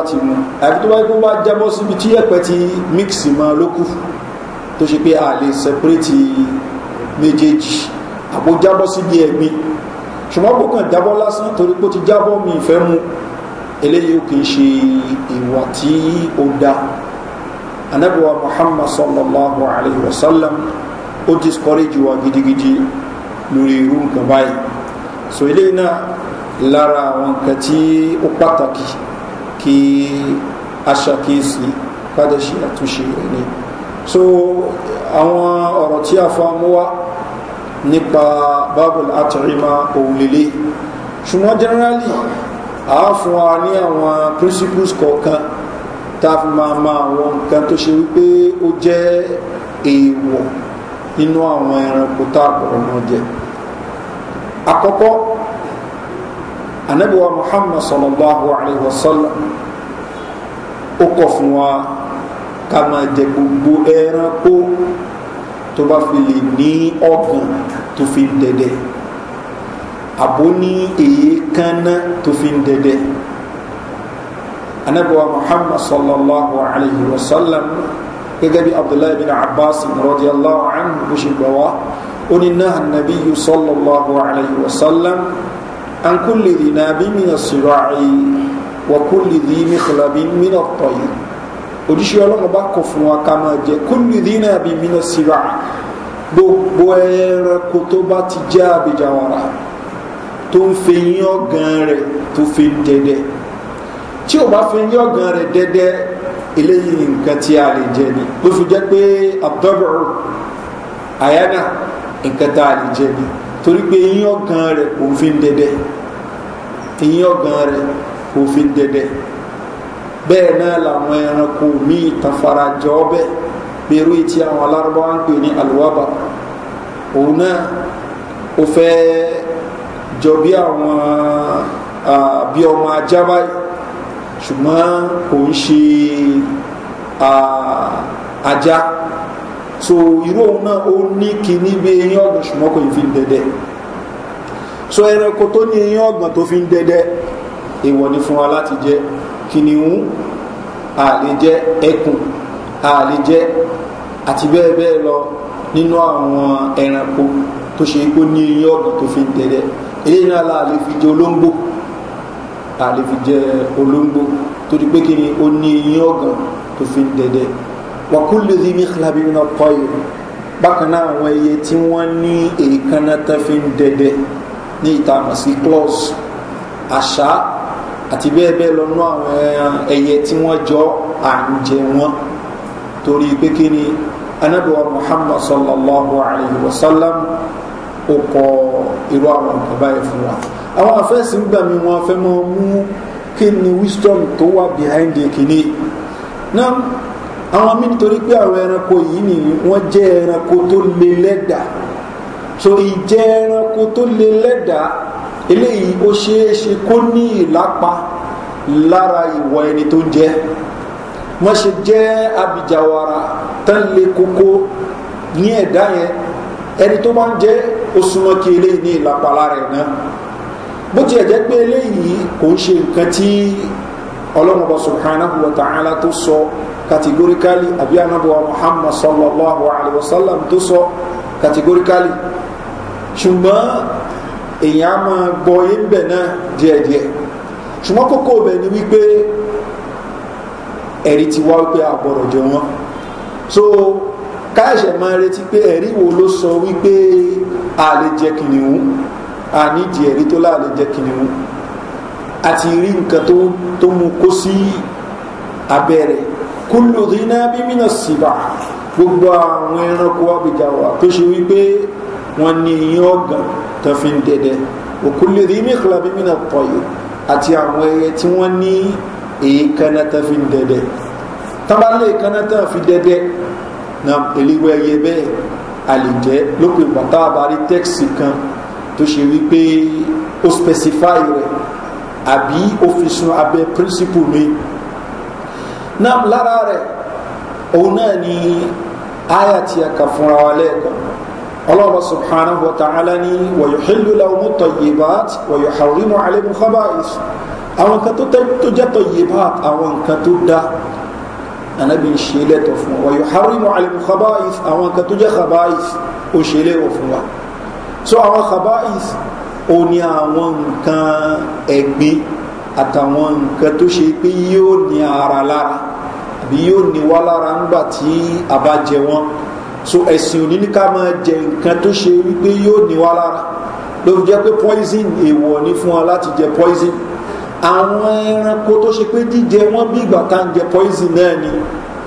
àti mú àfi tó bá yẹ kó bá jábọ́ síbi tí yẹ̀pẹ̀ ti mix mọ́ lókù tó ṣe pé a lè sẹpẹrẹtì méjèèjì àpò jábọ́ síbi ẹ̀gbin ṣùgbọ́n kò kàn jábọ́ lásán torí pé ó ti jábọ́ mi ìfẹ́ mu eléyìí ó kì í ṣe ìwà tí ó da anabiwa muhammad sallallahu alayhi wa sallam ó discourage wa gidigidi lórí irú nǹkan báyìí so eléyìí náà lára àwọn nǹkan tí ó pàtàkì kí aṣàkíyèsí ká dẹ̀ ṣe àtúnṣe rẹ̀ ni so àwọn ọ̀rọ̀ tí a fa mú wá nípa babul atrima òun lélẹ̀ ṣùgbọ́n generally a fún wa ní àwọn principles kọ̀ọ̀kan tá a fi máa ma àwọn nǹkan tó ṣe wípé ó jẹ́ èèwọ̀ nínú àwọn ẹranko tá a gbọ́dọ̀ náà jẹ àkọ́kọ́ anabiwa muhammad sallallahu alayhi wa sallam ó kọ̀ fún wa ká máa jẹ gbogbo ẹranko tó bá fi lè ní ọ̀gàn tó fi ń dẹ̀dẹ̀ àbó ní èékánná tó fi ń dẹ̀dẹ̀ anabiwa muhammad sallallahu alayhi wa sallam gẹ́gẹ́ bí abdullahi bin abbas radiyallahu anhu bó ṣe gbọ́ wá ó ní náà nabiyu sallallahu alayhi wa sallam an kulli dinabi min asiraci wa kulli dimi khulabin min at-tayyib oríṣi ọlọ́run bá kọ̀ fún wa ká máa jẹ kúlù dínà bíi mina síra gbogbo ẹranko tó bá ti jẹ́ àbíjàwara tó ń fi yín ọ̀gàn rẹ̀ tó fi ń dẹ́dẹ́ tí o bá fi yín ọ̀gàn rẹ̀ dẹ́dẹ́ eléyìí nǹkan tí a lè jẹ ni ló fi jẹ́ pé àbọ̀bọ̀rọ̀ àyánà nǹkan tá a lè jẹ ni torí pé yín ọ̀gàn rẹ̀ kò fi ń dẹ́dẹ́ yín ọ̀gàn rẹ̀ kò fi ń dẹ́dẹ́ bẹ́ẹ̀ náà làwọn ẹranko míì tàfara jọ bẹ́ẹ̀ bẹ̀rù etí àwọn alárúbáwá ń pè ní àlùwábà òun náà ó fẹ́ jọ bí àwọn bí ọmọ ajá báyìí ṣùgbọ́n kò ń ṣe ajá so irú òun náà ó ní kíní bí eyín ọ̀gbìn ṣùgbọ́n kò ń fi dẹ́dẹ́ so ẹranko tó ní eyín ọ̀gbìn tó fi dẹ́dẹ́ èèwọ̀ ni fún wa láti jẹ́ kìnìún a lè jẹ ẹkùn a lè jẹ àti bẹ́ẹ̀ bẹ́ẹ̀ lọ nínú àwọn ẹranko tó ṣe kó ní eyín ọ̀gàn tó fi ń dẹdẹ eléyìí náà la lè fi jẹ olóńgbò a lè fi jẹ olóńgbò torí pé kí ni ó ní eyín ọ̀gàn tó fi ń dẹdẹ wàkúlù di mi xilabi náà kọ́ yìí bákan náà àwọn ẹyẹ tí wọ́n ní èékánná tó ń dẹdẹ ní ìta àmọ̀ àṣà àti bẹ́ẹ̀ bẹ́ẹ̀ lọ nú àwọn eh, ẹyẹ tí wọ́n jọ àrùjẹ wọn torí pé kí ni anábìwá muhammad sallallahu alayhi wa sallam ó kọ irú àwọn nǹkan báyìí fún wa àwọn afẹ́sí ń gbà mí wọn fẹ́ mọ́ mú kí ni wisdom tó wà behind the kìíní náà àwọn mí nítorí pé àwọn ẹranko yìí ni wọ́n jẹ́ ẹranko tó le lẹ́dà so ìjẹ́ ẹranko tó le lẹ́dà eléyìí ó ṣeé ṣe kó ní ìlápa lára ìwọ ẹni tó ń jẹ wọ́n ṣe jẹ́ abìjàwara tán lé kókó ní ẹ̀dá yẹn ẹni tó bá ń jẹ́ ó súnmọ́ kí eléyìí ní ìlápa lára ẹ̀ náà bó tiẹ̀ jẹ́ pé eléyìí kò ń ṣe nǹkan tí ọlọ́mọba subhanahu wa ta'ala tó sọ kategorikali àbí anabuwa muhammad sallallahu alaihi wa sallam tó sọ kategorikali ṣùgbọ́n èèyàn á máa gbọ́ yé ń bẹ̀ náà díẹ̀díẹ̀ ṣùgbọ́n kókó bẹ̀ ni wípé ẹ̀rí ti wá wípé àgbọ̀rọ̀ jẹ wọ́n so káàṣẹ̀ máa retí pé ẹ̀rí wo ló sọ wípé a lè jẹ kìnìún a nídìí ẹ̀rí tó láà lè jẹ kìnìún àti rí nǹkan tó mú kó sí abẹ́rẹ́ kúlù dínà bí mìíràn sì bá gbogbo àwọn ẹranko àbíjà wa tó ṣe wípé wọn yoga iyán ọ̀gàn tán fi ń dẹdẹ òkúlẹ̀ rí mìkìlá bíbí náà pọ̀ yìí àti àwọn ẹyẹ tí wọ́n ní èékánná tán fi ń dẹdẹ tábàlẹ̀ èékánná tán fi dẹdẹ na eléwé ẹyẹ bẹ́ẹ̀ àlìjẹ́ lópin bàtà àbárí tẹ́ksì kan tó ṣe wípé ó specify rẹ̀ àbí ó fi sun abẹ́ principle mi náà lára rẹ̀ òun náà ni áyà tí a kà fúnra wa lẹ́ẹ̀kan ọlọ́ọ̀bá سبحانه وتعالى ويحل ni الطيبات làwọn tọ̀yìbát wàyọ̀hàrímù alẹ́mú kábàáyìs àwọn nǹkan tó jẹ́ tọ̀yìbát àwọn nǹkan tó dá anabi ń ṣe lẹ́tọ̀ fún wa wàyọ̀hàrímù alẹ́mú kábàáyìs àwọn nǹkan tó jẹ́ kábàáyìs ó ṣe lẹ́wọ̀ fún wa so àwọn kábàáyìs ó ní àwọn nǹkan ẹ̀gbin àtàwọn nǹkan tó ṣe pé yóò ní ara lára àbí yóò ní wá lára ńgbà tí a bá so ẹ̀sìn òní ní ká máa jẹ nǹkan tó ṣe wípé yóò ní wá lára ló fi jẹ́ pé poison èèwọ̀ ni fún wa láti jẹ poison àwọn ẹranko tó ṣe pé jíjẹ wọn bí ìgbà tá à ń jẹ poison náà ni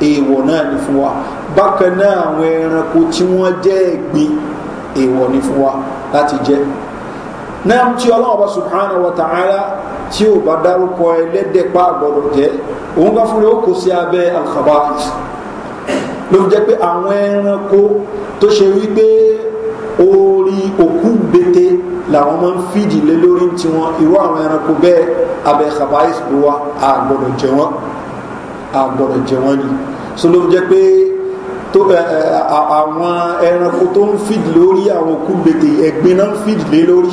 èèwọ̀ náà ni fún wa bákan náà àwọn ẹranko tí wọ́n jẹ́ ẹ̀gbin èèwọ̀ ni fún wa láti jẹ náà tí ọlọ́run bá subhanahu wa ta'ala tí ò bá dárúkọ ẹlẹ́dẹ̀pá àgbọ̀dọ̀ jẹ́ òun bá fúnra ó kò sí abẹ́ alkhabais ló fi jẹ́ pé àwọn ẹranko tó ṣe wípé orí òkú gbete làwọn máa ń fìdí lé lórí tiwọn irú àwọn ẹranko bẹ́ẹ̀ abẹ́ khabais ló wá àgbọ̀dọ̀ jẹ wọ́n àgbọ̀dọ̀ jẹ wọ́n ni so ló fi jẹ́ pé àwọn ẹranko tó ń fìdí lórí àwọn òkú gbete ẹ̀gbin náà ń fìdí lé lórí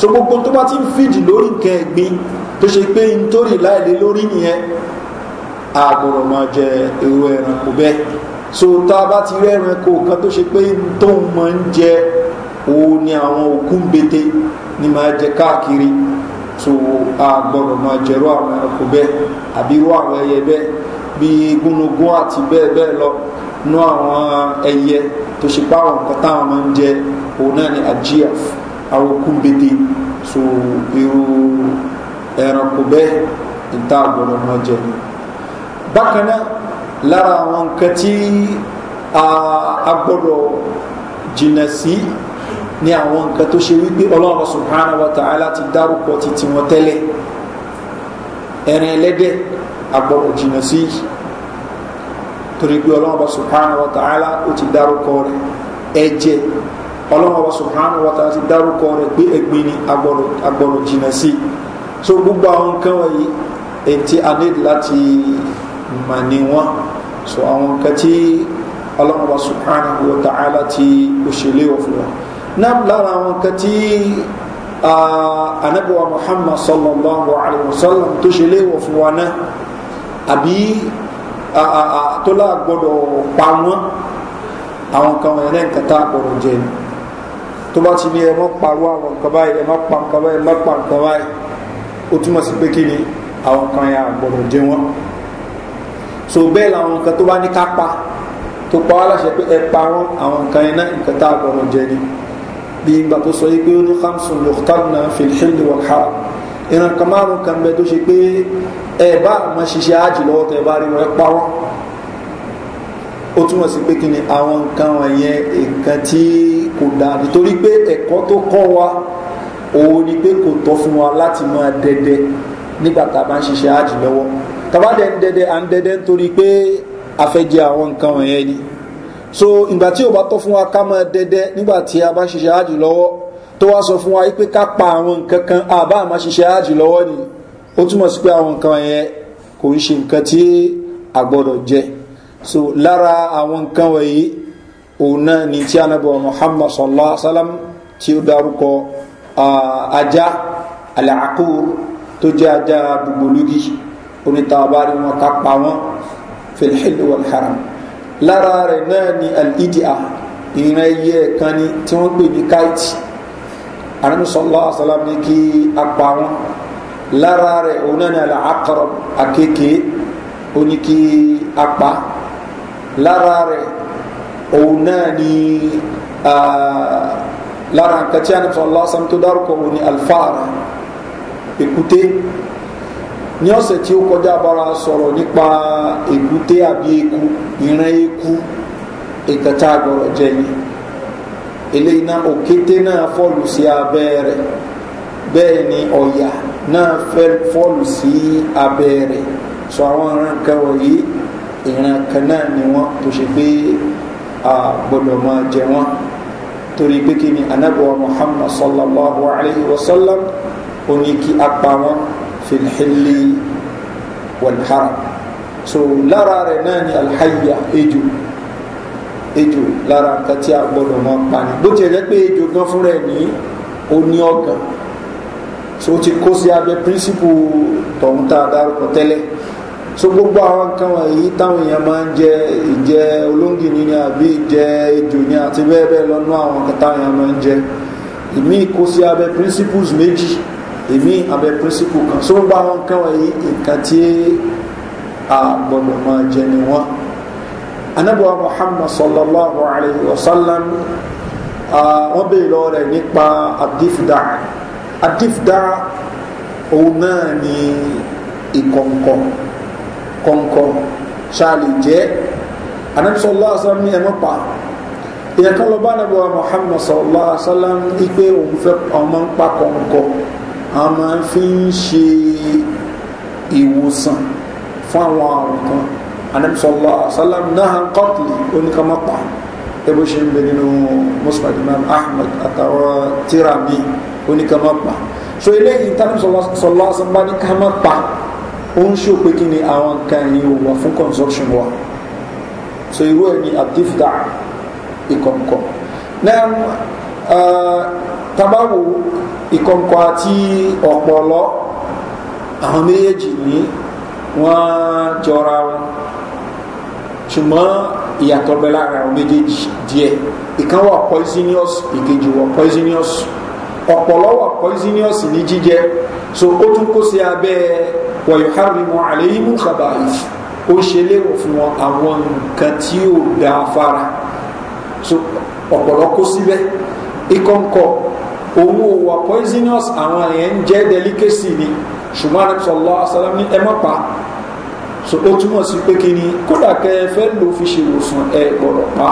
so gbogbo tó bá ti ń fìdí lórí nǹkan ẹ̀gbin tó ṣe pé nítorí láìlé lórí nìyẹn àgbọ̀dọ̀ máa jẹ irú ẹranko bẹ́ẹ̀ so tá a bá ti rí ẹranko kan tó ṣe pé tóun máa ń jẹ òun ni àwọn òkú ń ni máa jẹ káàkiri so a gbọdọ̀ máa jẹ̀rọ àwọn ẹranko bẹ́ẹ̀ àbí irú àwọn ẹyẹ bẹ́ẹ̀ bíi gúnugún àti bẹ́ẹ̀ bẹ́ẹ̀ lọ nú àwọn ẹyẹ tó ṣe pé àwọn nǹkan táwọn máa ń jẹ òun náà ni àjíyà àwọn òkú ń so irú ẹranko bẹ́ẹ̀ ní tá a gbọdọ̀ máa jẹ ni bákan náà lára àwọn nǹkan tí a gbọ́dọ̀ jìnà sí ní àwọn nǹkan tó ṣe wípé ọlọ́run subhanahu wa ta'ala ti dárúkọ ti tiwọn tẹ́lẹ̀ ẹ̀rìn ẹlẹ́dẹ̀ a gbọ́dọ̀ jìnà sí torí pé ọlọ́run subhanahu wa ta'ala ó ti dárúkọ rẹ̀ ẹ̀jẹ̀ ọlọ́run subhanahu wa ta'ala ti dárúkọ rẹ̀ pé ẹ̀gbin ni a gbọ́dọ̀ jìnà sí so gbogbo àwọn nǹkan wọ̀nyí ètí a ní láti mà ní wọn so àwọn nǹkan tí ọlọ́mọba subhanahu wa ta'ala ti òṣèlé wọ̀ fún wa náà lára àwọn nǹkan tí anabiwa muhammad sallallahu alayhi wa sallam tó ṣèlé wọ̀ fún wa náà àbí tó láà gbọ́dọ̀ pa wọ́n àwọn nǹkan ẹ̀rẹ́ nǹkan tá a gbọ́dọ̀ jẹ ni ti ní ẹ mọ́ parọ́ àwọn nǹkan báyìí ẹ má pa nǹkan báyìí ẹ má pa nǹkan báyìí ó túmọ̀ sí pé kí ni àwọn nǹkan yẹn àgbọ̀dọ̀ jẹ so bẹ́ẹ̀ làwọn nǹkan tó bá ní ká pa tó pa wá láṣẹ pé ẹ pa wọn àwọn nǹkan iná nǹkan tá a gbọ́dọ̀ jẹ ni bí ìgbà tó sọ yìí pé ó ní hamsun luktarna filhilli wal haram ìran kan márùn kan bẹ tó ṣe pé ẹ bá àmọ́ ṣiṣẹ́ ájì lọ́wọ́ tẹ bá rí wọn ẹ pa wọn ó túmọ̀ sí pé kí ni àwọn nǹkan wọ̀nyẹn nǹkan tí kò dáa nítorí pé ẹ̀kọ́ tó kọ́ wa òun ni pé kò tọ́ fún wa láti máa dẹdẹ nígbà tá a bá ń ṣiṣẹ́ ájì lọ́wọ́ tàbá dẹ̀ ń dẹ́dẹ́ à ń dẹ́dẹ́ nítorí pé a fẹ́ jẹ àwọn nǹkan wọ̀nyẹn ni so ìgbà tí ò bá tọ́ fún wa ká máa dẹ́dẹ́ nígbà tí a bá ṣiṣẹ́ ájì lọ́wọ́ tó wá sọ fún wa pé ká pa àwọn nǹkan kan àbá àmà ṣiṣẹ́ ájì lọ́wọ́ ni ó túmọ̀ sí pé àwọn nǹkan yẹn kò ń ṣe nǹkan tí a gbọ́dọ̀ jẹ so lára àwọn nǹkan wọ̀nyí òun náà ni tí anábọ̀ muhammad sallallahu alaihi wa sallam tí ó dárúkọ ajá alaakur tó jẹ́ ajá gbogbológi onítàbárí wọn ká pa wọn fil-hilli wal-haram lára rẹ̀ náà ni al-idia ìran ẹyẹ kan ni tí wọ́n pè ní káìtì Ànábì sallallahu alaihi wasallam ní kí a pa wọn lára rẹ̀ òun náà ni al-aqrab àkekèé ó kí a pa lára rẹ̀ òun náà ni lára nǹkan tí Ànábì tó dárúkọ òun ni al-fara ní ọ̀sẹ̀ tí ó kọjá bára sọ̀rọ̀ nípa èkúté àbí eku ìran eku ìkẹta àgbọ̀rọ̀ jẹyìn eléyìí náà òkété náà fọ́ọ̀lù sí abẹ́ rẹ̀ bẹ́ẹ̀ ni ọ̀yà náà fẹ́ fọ́ọ̀lù sí abẹ́ rẹ̀ sọ àwọn ìran kan wọ̀nyí ìran kan náà ni wọ́n tó ṣe pé gbọ́dọ̀ máa jẹ wọ́n torí pé kí ni anabiwa muhammad sallallahu alayhi wa sallam ó ní kí في filhili walhara so lára rẹ̀ náà ni alhaya ejò ejò lára nǹkan tí a gbọ́dọ̀ máa pa ni bó tiẹ̀ jẹ́ pé ejò gan fúnra ẹ̀ ní oní ọ̀gàn so ó ti kó sí abẹ́ píríncípù tọ̀hún tá a dárúkọ tẹ́lẹ̀ so gbogbo àwọn nǹkan wọ̀nyí táwọn èèyàn máa ń jẹ ìjẹ olóńgìní ni àbí ìjẹ ejò ni àti bẹ́ẹ̀ bẹ́ẹ̀ lọ́nà àwọn nǹkan táwọn èèyàn máa ń jẹ ìmí kó sí abẹ́ principles méjì èmi abẹ pírísìpù kan so gba àwọn nǹkan wọ̀nyí nǹkan tí a gbọdọ̀ máa jẹ ni wọn anabuwa muhammad sallallahu alayhi wa sallam wọn bèèrè lọ rẹ nípa adifda adifda òun náà ni ìkọ̀ǹkọ̀ kọ̀ǹkọ̀ ṣáàlì jẹ́ anabi sallallahu alayhi wa sallam ni ẹ mọ́ pa ìyẹn kan lọ bá anabuwa muhammad sallallahu alayhi wa sallam ipe òun fẹ́ ọmọ ń pa kọ̀ǹkọ̀ a máa fi ń ṣe ìwòsàn fún àwọn àrùn kan anamisọlọ asalam náà kọtìlì oníkàmọpà ebo ṣe ń bẹ nínú muslim imam ahmed àtàwọn tirami oníkàmọpà so eléyìí tánimsọlọ asanba ní kàmọpà ó ń ṣòpé kí ni àwọn nǹkan yìí wà fún consumption wa so irú ẹni abdifda ìkọ̀ǹkọ̀ náà tabawo ìkọ̀ǹkọ̀ àti ọ̀pọ̀lọ àwọn méjèèjì ní wọ́n jọra wọn ṣùgbọ́n ìyàtọ̀ bẹ lára àwọn méjèèjì díẹ̀ ìkan wà poisonous ìkejì wà poisonous ọ̀pọ̀lọ wà poisonous ní jíjẹ so ó tún kó sí abẹ́ wàyùhárìmọ̀ àléyìnmú kàbáyìí ó ṣe léwọ̀ fún wọn àwọn nǹkan tí ó da afára so ọ̀pọ̀lọ kó síbẹ̀ ìkọ̀ǹkọ̀ òun ò wà poisonous àwọn èèyàn ń jẹ́ delicacy ni ṣùgbọ́n àrẹ sọ̀lọ́ asálám ní ẹ má pa so ó túmọ̀ sí pé kí ni kódà kẹ ẹ fẹ́ lò fi ṣe ìwòsàn ẹ gbọ́dọ̀ pa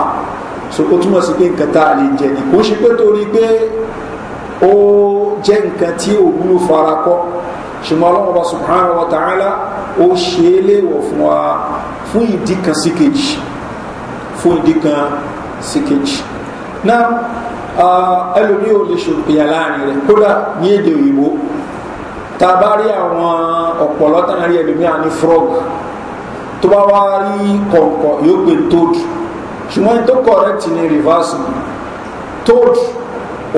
so ó túmọ̀ sí pé nǹkan tá a lè jẹ ni kò ń ṣe pé torí pé ó jẹ́ nǹkan tí ò wúlò fara kọ́ ṣùgbọ́n ọlọ́run subhanahu wa ta'ala ó ṣe é léèwọ̀ fún wa fún ìdí kan sí fún ìdí kan sí náà ẹlòmí ò lè ṣòpìyà láàrin rẹ̀ kódà ní èdè òyìnbó tá a bá rí àwọn ọ̀pọ̀lọ́ tán rí ẹlòmí frog tó bá wá rí kọ̀ǹkọ̀ yóò pe toad ṣùgbọ́n tó correct ní reverse ni toad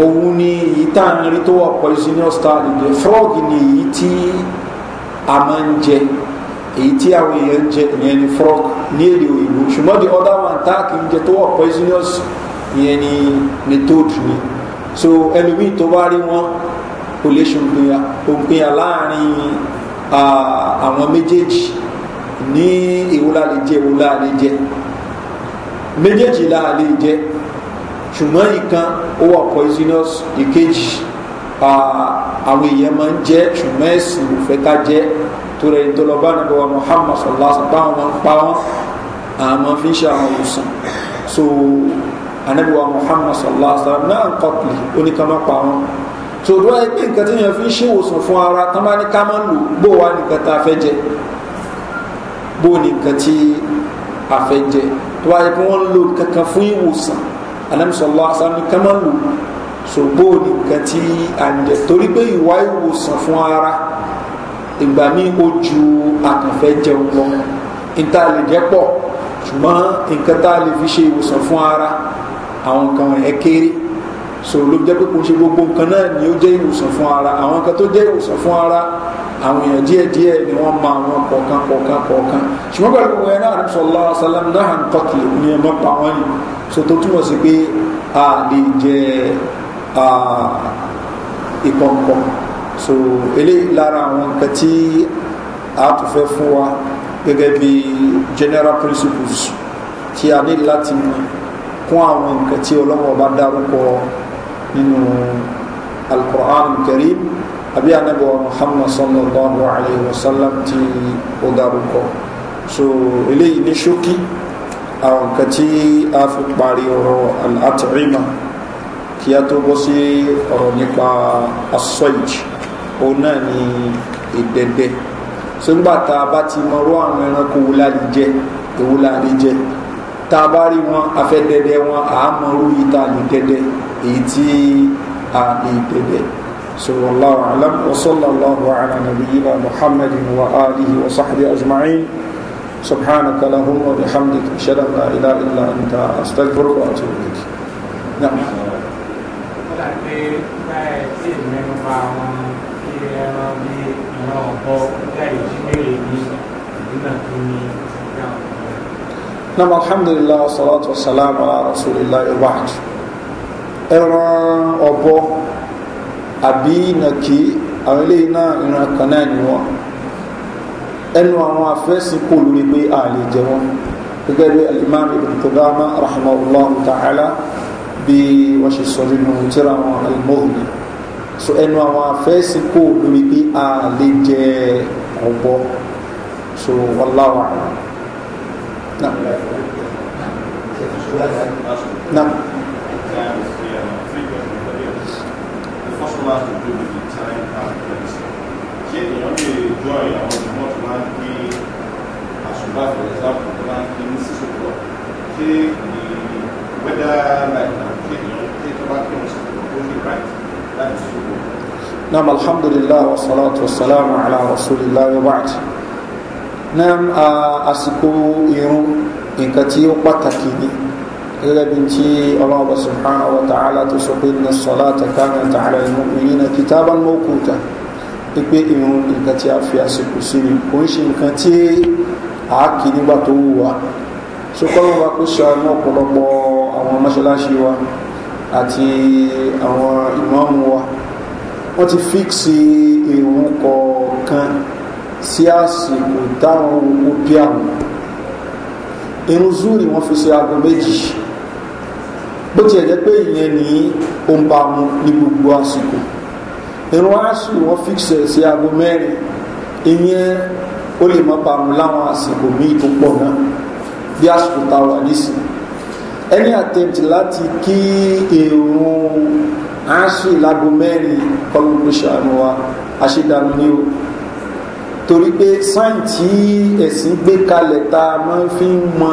òun ni èyí tá a rí tó wà poisonous tá de frog ni èyí tí a máa ń jẹ èyí tí àwọn èèyàn ń jẹ ìyẹn ni frog ní èdè òyìnbó ṣùgbọ́n the other one tá a kì í jẹ tó wà poisonous ìyẹn ni methode ni so ẹlòmíì tó bá rí wọn kò lè ṣe òǹpinya láàrin àwọn méjèèjì ní ìwúlá lè jẹ ìwúlá lè jẹ méjèèjì là lè jẹ ṣùgbọ́n ìkan ó wà poisonous ìkejì àwọn èèyàn máa ń jẹ ṣùgbọ́n ẹ̀sìn kò fẹ́ ká jẹ tó lọ bá nígbà wa muhammad sallallahu alaihi wa sallam báwọn máa ń pa wọn àwọn máa fi ń ṣe àwọn òòsàn so anabi wa muhammad sallallahu alaihi wa sallam náà kọ́pì oníkanná pa wọn tòdó ẹ pé nǹkan tí yẹn fi ń ṣèwòsàn fún ara tán bá ní ká máa ń lò bó wa nìkan tá a fẹ́ jẹ bó ni nǹkan tí a fẹ́ jẹ tó bá yẹ kí wọ́n lò kankan anabi sallallahu alaihi wa sallam ní ká máa ń ni nǹkan tí a ń jẹ torí pé ìwà ara ìgbà míì ó ju àkànfẹ́ jẹun lọ níta lè jẹ́ pọ̀ ṣùgbọ́n nǹkan lè fi ṣe ìwòsàn fún ara àwọn nǹkan ẹ kéré so ló jẹ́ pé kò ṣe gbogbo nǹkan náà ni ó jẹ́ ìwòsàn fún ara àwọn nǹkan tó jẹ́ ìwòsàn fún ara àwọn èèyàn díẹ̀ díẹ̀ ni wọ́n ma àwọn kọ̀ọ̀kan kọ̀ọ̀kan kọ̀ọ̀kan ṣùgbọ́n pẹ̀lú gbogbo ẹ̀ náà sọ̀lá sálám náà kọ̀tì ni ẹ̀ mọ́pa wọn ni so tó túmọ̀ sí pé a lè jẹ ìpọ̀npọ̀ so eléyìí lára àwọn nǹkan tí a tún fẹ́ fún wa gẹ́gẹ́ bí general principles tí a ní láti mọ̀ kún àwọn nǹkan tí ọlọ́wọ́ bá dárúkọ nínú alukur'an karim àbí anabi wa muhammad sallallahu alayhi wa sallam tí ó dárúkọ so eléyìí ní ṣókí àwọn nǹkan tí a fi parí ọ̀rọ̀ al-at'ima kí a tó bọ́ sí ọ̀rọ̀ nípa asọ́ìj òun náà ni ìdẹ́dẹ́ so nígbà tá a bá ti mọ̀rọ̀ àwọn ẹranko wúlá jẹ́ ìwúlá jẹ́ tá a bá rí wọn afẹ́dẹ́dẹ́ wọn àámọ̀rú yìí tá a lè dẹ́dẹ́ èyí tí a lè dẹ́dẹ́ sọ̀rọ̀ aláwọ̀ alam wasọ́lá aláwọ̀ ala nabiyina muhammadin wa alihi wa sahbihi ajma'in سبحانك اللهم وبحمدك اشهد ان لا اله الا انت استغفرك واتوب اليك نعم Thank you nam alhamdulilah wasalaatu wasalaam ala rasulillah ibaad ẹran ọ̀bọ àbí nàkí àwọn eléyìí náà ìran kan náà ni wọn ẹnu àwọn afẹ́sìn kò lórí pé a lè jẹ wọn gẹ́gẹ́ bí alimami ibn kudama rahimahullah ta'ala bí wọ́n ṣe sọ nínú tíra àwọn alimohuni so ẹnu àwọn afẹ́sìn kò lórí pé a lè jẹ ọ̀bọ so wàláwàá. نعم نعم ṣé èèyàn lè jọ àwọn ìmọ̀ tó máa ń gbé àṣùgbà for example tó máa ń gbé ní six o'clock ṣé ní weather like na ṣé èèyàn ṣé tó bá kí wọn six o'clock ó ní right láti six o'clock. naam alhamdulilah wa salatu wa salam ala rasulillah wa baati náà àsìkò irun nǹkan tí ó pàtàkì ni gẹ́gẹ́ bí tí ọlọ́ọ̀bà subhanahu wa ta'ala tó sọ pé ní sọlá takána ta'ala ìmọ̀kùnrin náà kìtàbà mọ́kùtà pípé irun nǹkan tí a fi àsìkò sí ni kò ń ṣe nǹkan tí a kì nígbà tó wù wá sọkọ́lọ́ wa kó ṣàánú ọ̀pọ̀lọpọ̀ àwọn mọ́ṣáláṣí wa àti àwọn ìmọ̀ọ́mù wa wọ́n ti fíksì irun kọ̀ọ̀kan sí àsìkò táwọn owó píàmù irun zúrì wọ́n fi ṣe aago méjì bó tiẹ̀ jẹ́ pé ìyẹn ní ó ń bá mu ní gbogbo àsìkò irun àsìkò wọ́n fi ṣe sí aago mẹ́rin ìyẹn ó lè má bá mu láwọn àsìkò míì tó pọ̀ náà bí àsìkò táwa nísìnyí ẹni attempt láti kí irun àsìkò ìlago mẹ́rin kọlùkù ṣàánú wa àṣìdànù ni o torí pé sáìn tí ẹ̀sìn gbé kalẹ̀ tá a máa fi ń mọ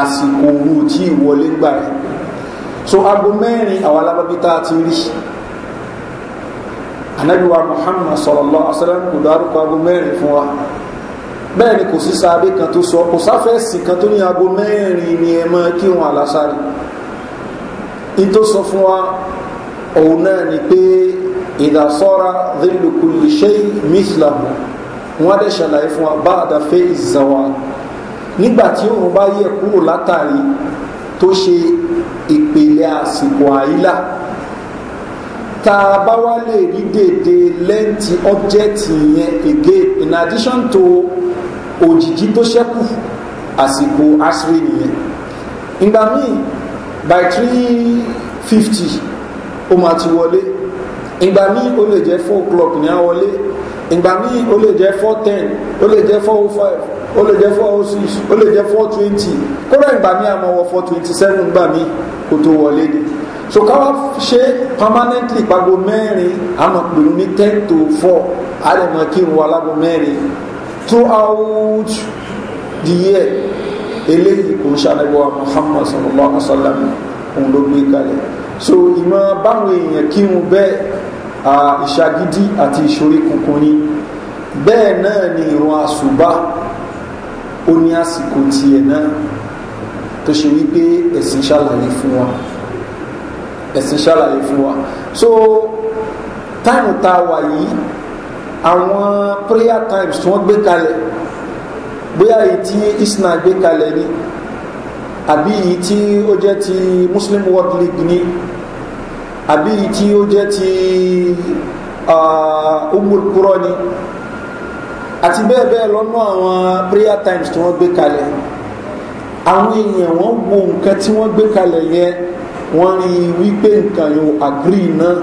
àsìkò òru tí ìwọlé gbà rẹ̀ so aago mẹ́rin àwọn alábàbí a ti rí anabiwa muhammad sọlọlọ asalam kò dárúkọ aago mẹ́rin fún wa bẹ́ẹ̀ ni kò sí sáabé kan tó sọ kò sáfẹ́sì kan tó ní aago mẹ́rin ni ẹ máa kí wọn àlásáré ní tó sọ fún wa òun náà ni pé ìdásọ́ra dìlùkulì ṣe mísìlámù wọ́n dẹ̀ ṣàlàyé fún wa bá àdáfẹ́ ìzàwà nígbà tí òun bá yẹ kúrò látàrí tó ṣe ìpele àsìkò àyílà tá a bá wá lè rí dèdè lẹ́ǹtì ọ́bjẹ́tì yẹn again in addition to òjìjí tó ṣẹ́kù àsìkò asiri nìyẹn ìgbà míì by three fifty ó máa ti wọlé ìgbà míì ó lè jẹ́ four o'clock ní àwọlé ìgbà míì ó lè jẹ́ four ten ó lè jẹ́ four oh five ó lè jẹ́ four oh six ó lè jẹ́ four twenty kódà ìgbà míì àmọ́ four twenty seven gbà míì kò tó wọlé ni so káwá ṣe permanently pago mẹ́rin àmọ́ pẹ̀lú ní ten to four àdèmọ̀ kí n wọ alágo mẹ́rin throughout the year eléyìí kò ń ṣàlẹ́wọ́ Muhammad sallallahu alaihi wa sallam òun ló gbé kalẹ̀ so ìmọ̀ báwọn èèyàn kírun bẹ́ẹ̀ ìṣàgídí àti ìṣorí kunkun ni bẹ́ẹ̀ náà ni ìrun àṣùbá ó ní àsìkò tiẹ̀ náà tó ṣe wípé ẹ̀sìn ṣàlàyé fún wa ẹ̀sìn ṣàlàyé fún wa so táìmù tá a wà yìí àwọn prayer times tí wọ́n gbé kalẹ̀ bóyá èyí tí isna gbé kalẹ̀ ni àbí yìí tí ó jẹ́ ti muslim world league ni àbí yìí tí ó jẹ́ ti umul kúrọ́ ni àti bẹ́ẹ̀ bẹ́ẹ̀ lọ́nà àwọn prayer times tí wọ́n gbé kalẹ̀ àwọn èèyàn wọ́n wo nǹkan tí wọ́n gbé kalẹ̀ yẹn wọ́n rí wípé nǹkan yóò agri náà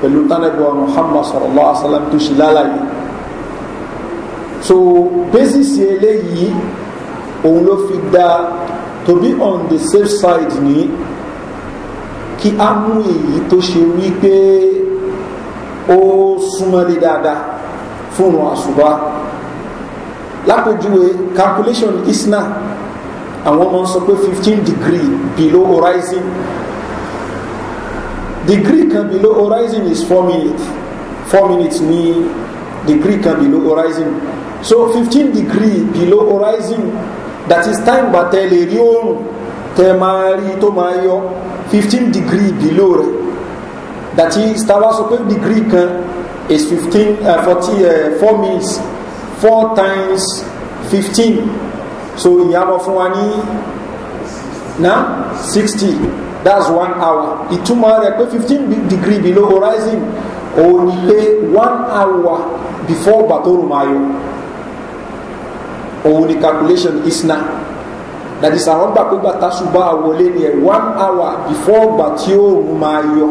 pẹ̀lú tánàbíwá muhammad sallallahu alaihi wa sallam tó ṣe lálàyé so basis eléyìí òun ló fi dá to be on the safe side ni kí a mú èyí tó ṣe wípé ó súnmọ́lé dáadáa fún wọn àṣùbá lápòjúwe calculation isna àwọn ọmọ sọ pé fifteen degree below horizon degree kan below horizon is four minutes four minutes ni degree kan below horizon so fifteen degree below horizon that is time gba tẹ lè rí oòrùn tẹ máa rí tó máa yọ fifteen degree below rẹ that is tá a bá sọ pé degree kan is fifteen uh, forty uh, four minutes four times fifteen so ìyá lọ fún wa ní na sixty that's one hour ìtumọ̀ rẹ̀ pé fifteen degree below horizon òun ni one hour before bàtọ́rù máa yọ òun ni calculation isna dàdísà àwọn gbà pé gbà tásùbà wọlé ni ẹ̀ one hour before gbà tí òòrùn máa yọ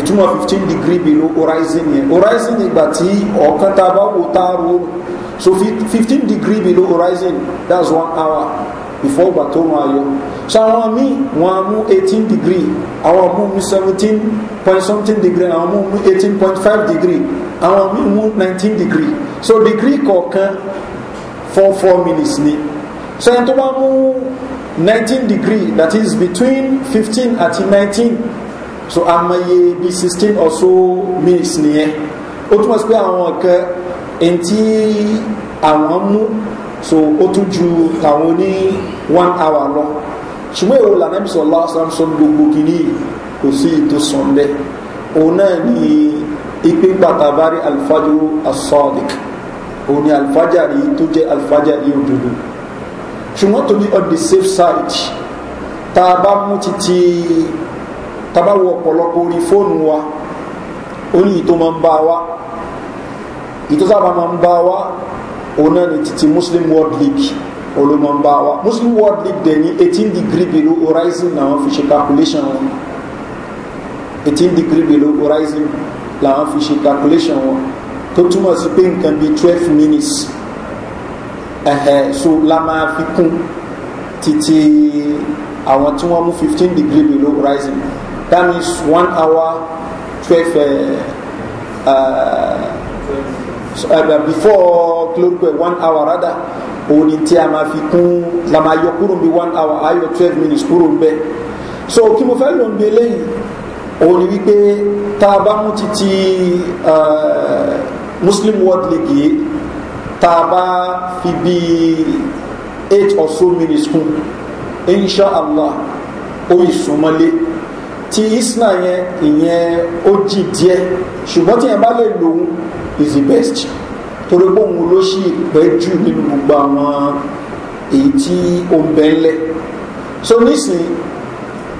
ìtumọ̀ fifteen degree below horizon yẹn horizon ìgbà tí ọ̀kan tá a bá wò tá a ro so fifteen degree below horizon that's one hour before ìgbà tó máa yọ so àwọn míì wọn á mú eighteen degree àwọn míì mú seventeen point something degree àwọn míì mú eighteen point five degree àwọn míì mú nineteen degree so degree kọ̀ọ̀kan four four minutes ni so ẹni tó bá mú nineteen degree that is between fifteen àti nineteen so amaye bi sixteen or so minutes nìyẹn ó túmọ̀ sí pé àwọn kan ẹni àwọn mú so ó tún ju tàwọn ní one hour lọ ṣùgbọ́n èrò lànà bí sọ̀rọ̀ lọ́wọ́ sọ̀rọ̀ sọ̀rọ̀ gbogbo kìíní kò sí ìtòsàn bẹ́ẹ̀ òun náà ni ipe gbàtà bá rí alifájú asọ́ọ̀dìkì òun ni alifajari tó jẹ́ alifajari òdodo ṣùgbọ́n tó ni on the safe side tá a titi. mú títí tá a bá wo ọ̀pọ̀lọpọ̀ orí wa ó ní ìtò máa wa ìtò sábà máa ń wa òun ni titi muslim world league olómọ ń bá wa muslim world league dẹ̀ ní eighteen degree below horizon làwọn fi ṣe calculation wọn eighteen degree below horizon làwọn fi ṣe calculation wọn tó túmọ̀ sí pé nǹkan bíi twelve minutes ẹ̀hẹ̀ so la máa fi kún títí àwọn tí wọ́n mú fifteen degree below rising. that means one hour twelve uh, uh, before clorpe one hour rather òun ni tí a máa fi kún la máa yọ kúrò bí one hour ayọ twelve minutes kúrò ń bẹ́ẹ̀ so kí mo fẹ́ lò ń gbé lẹ́yìn òun ni wípé tá a bá mú títí. Uh, muslim world league yìí tá fi bí eight or so minutes kún insha allah ó yìí súnmọ́lé ti isna yẹn ìyẹn ó jì díẹ̀ ṣùgbọ́n tí yẹn bá lè lòun is the best torí pé òun ló ṣì pẹ́ jù nínú gbogbo àwọn èyí tí ó ń bẹ́ ńlẹ̀ so nísìnyí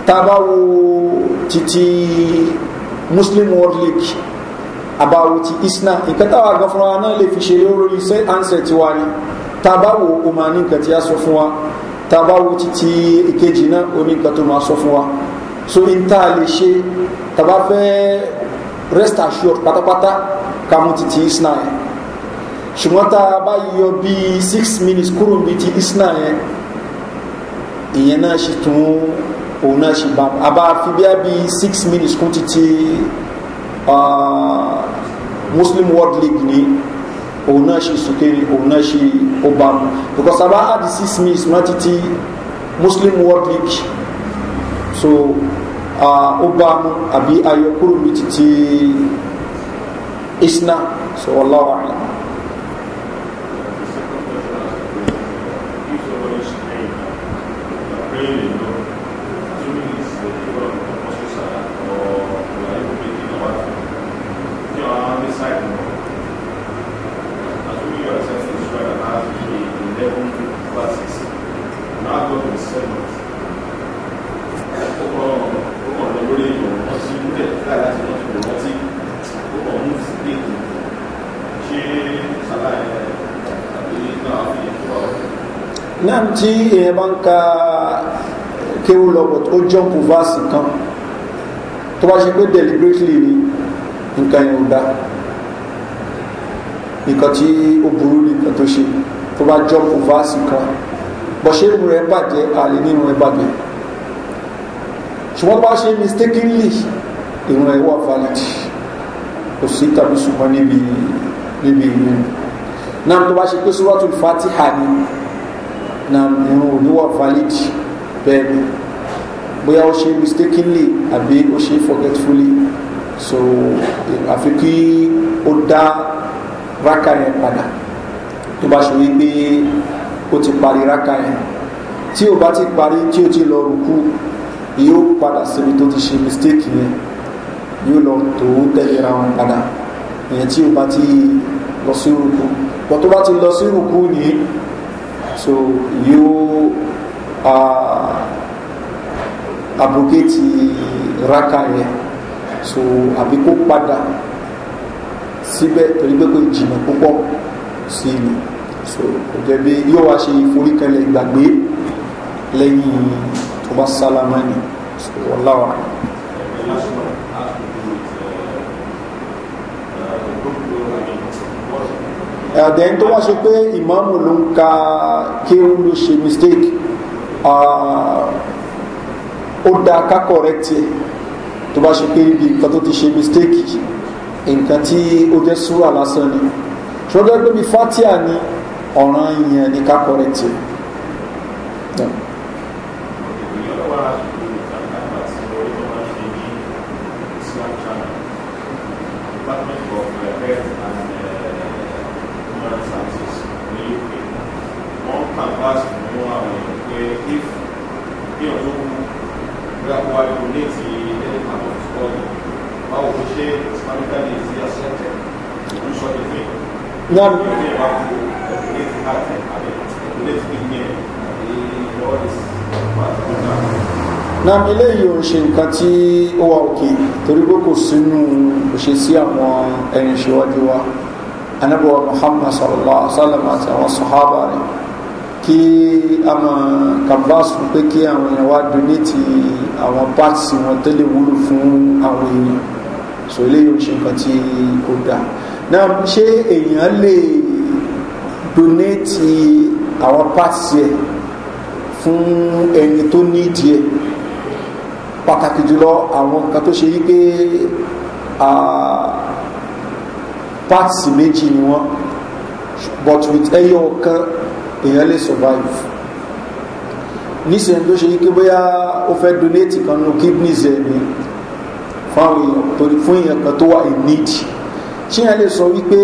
tá wo titi muslim world league àbáwo ti isna nǹkan táwa gan fúnra wa náà lè fi ṣe lórí iṣẹ́ ansẹ̀ tiwa ni tabawo o máa ní nǹkan tí a sọ fún wa tabawo ti ti ìkejì náà o ní nǹkan tó máa sọ fún wa so n tá a lè ṣe taba fẹ́ rest assured pátápátá ká mú ti ti isna yẹn ṣùgbọ́n tá a bá yọ bíi six minutes kúrò bíi ti isna yẹn ìyẹn náà ṣe tún òun náà ṣe bá a bá fi bíi six minutes kún ti ti muslim world league ni òun náà ṣe sùkèrè òun náà ṣe ọba because àbá àdì six minutes má títí muslim world league so ọba mu àbí ayọkúrò mi títí isna so ọlọ́wọ́ àyàn. tí èèyàn bá ń ka kéwù lọ́pọ̀ tó jọ́ǹpù fáàsì kan tó bá ṣe pé deliberately ni nǹkan yẹn ò dá nǹkan tí ó burú ni nǹkan tó ṣe tó bá jọ́ǹpù fáàsì kan bọ̀ṣẹ́ inú rẹ̀ bàjẹ́ àlè nínú rẹ̀ bàjẹ́ ṣùgbọ́n bá ṣe mistakenly ìrún ẹ̀ wà valid kò sí tàbí ṣùgbọ́n níbi ìrìn náà tó bá ṣe pé suratul fatiha ni na ìrún eh, òníwà valid bẹ́ẹ̀ ni bóyá ó ṣe mistakenly àbí ó ṣe forgetfully so àfi kí ó dá rákà yẹn padà tó bá ṣe wípé ó ti parí rákà yẹn tí ó bá ti parí tí ó ti lọ rúkú yóò padà síbi tó ti ṣe mistake yẹn yóò lọ tó tẹ̀léra wọn padà ìyẹn tí ó bá ti lọ sí rúkú bọ́ tó bá ti lọ sí rúkú nìyí so you uh, abrogate raka yẹn so àbí kó padà síbẹ̀ torí pé kò jìnnà púpọ̀ sí ni so kò jẹ́ bí yóò wá ṣe ìforíkanlẹ̀ ìgbàgbé lẹ́yìn tó bá sálámà ni so wọ́n láwàá. ẹ̀dẹ̀ tó wá ṣe pé ìmáàmù ló ń ka kí ó ló ṣe mistake ó da kákọ̀ rẹ̀ tiẹ̀ tó bá ṣe pé ibi nǹkan tó ti ṣe mistake nǹkan tí ó jẹ́ súrà lásán ni ṣọ́jọ́ pé fatia ni ọ̀ràn yẹn ni kákọ̀ rẹ̀ tiẹ̀. Yeah. Nam. Nam eléyìí ò ń ṣe nǹkan tí ó wà òkè torí pé kò sínú òṣè sí àwọn ẹ̀yìn ṣíwájú wa anábọ̀wá Muhammad sallallahu alaihi wa sallam àti àwọn sahaba rẹ̀ kí a máa kàbáṣù pé kí àwọn èèyàn wá donate àwọn parts wọn tó lè wúlò fún àwọn èèyàn so eléyìí ò ń ṣe nǹkan tí ó dáa náà ṣé èèyàn lè donate àwọn parts yẹ fún ẹni tó ní ìdí ẹ pàtàkì jùlọ àwọn nǹkan tó ṣe yí parts méjì ni wọn but with ẹyọ kan èèyàn lè survive nísìnyí tó ṣe yí pé bóyá ó fẹ́ donate kan nu kidneys ẹ̀ ni fáwọn èèyàn torí fún èèyàn kan tó wà in need tí a lè sọ wípé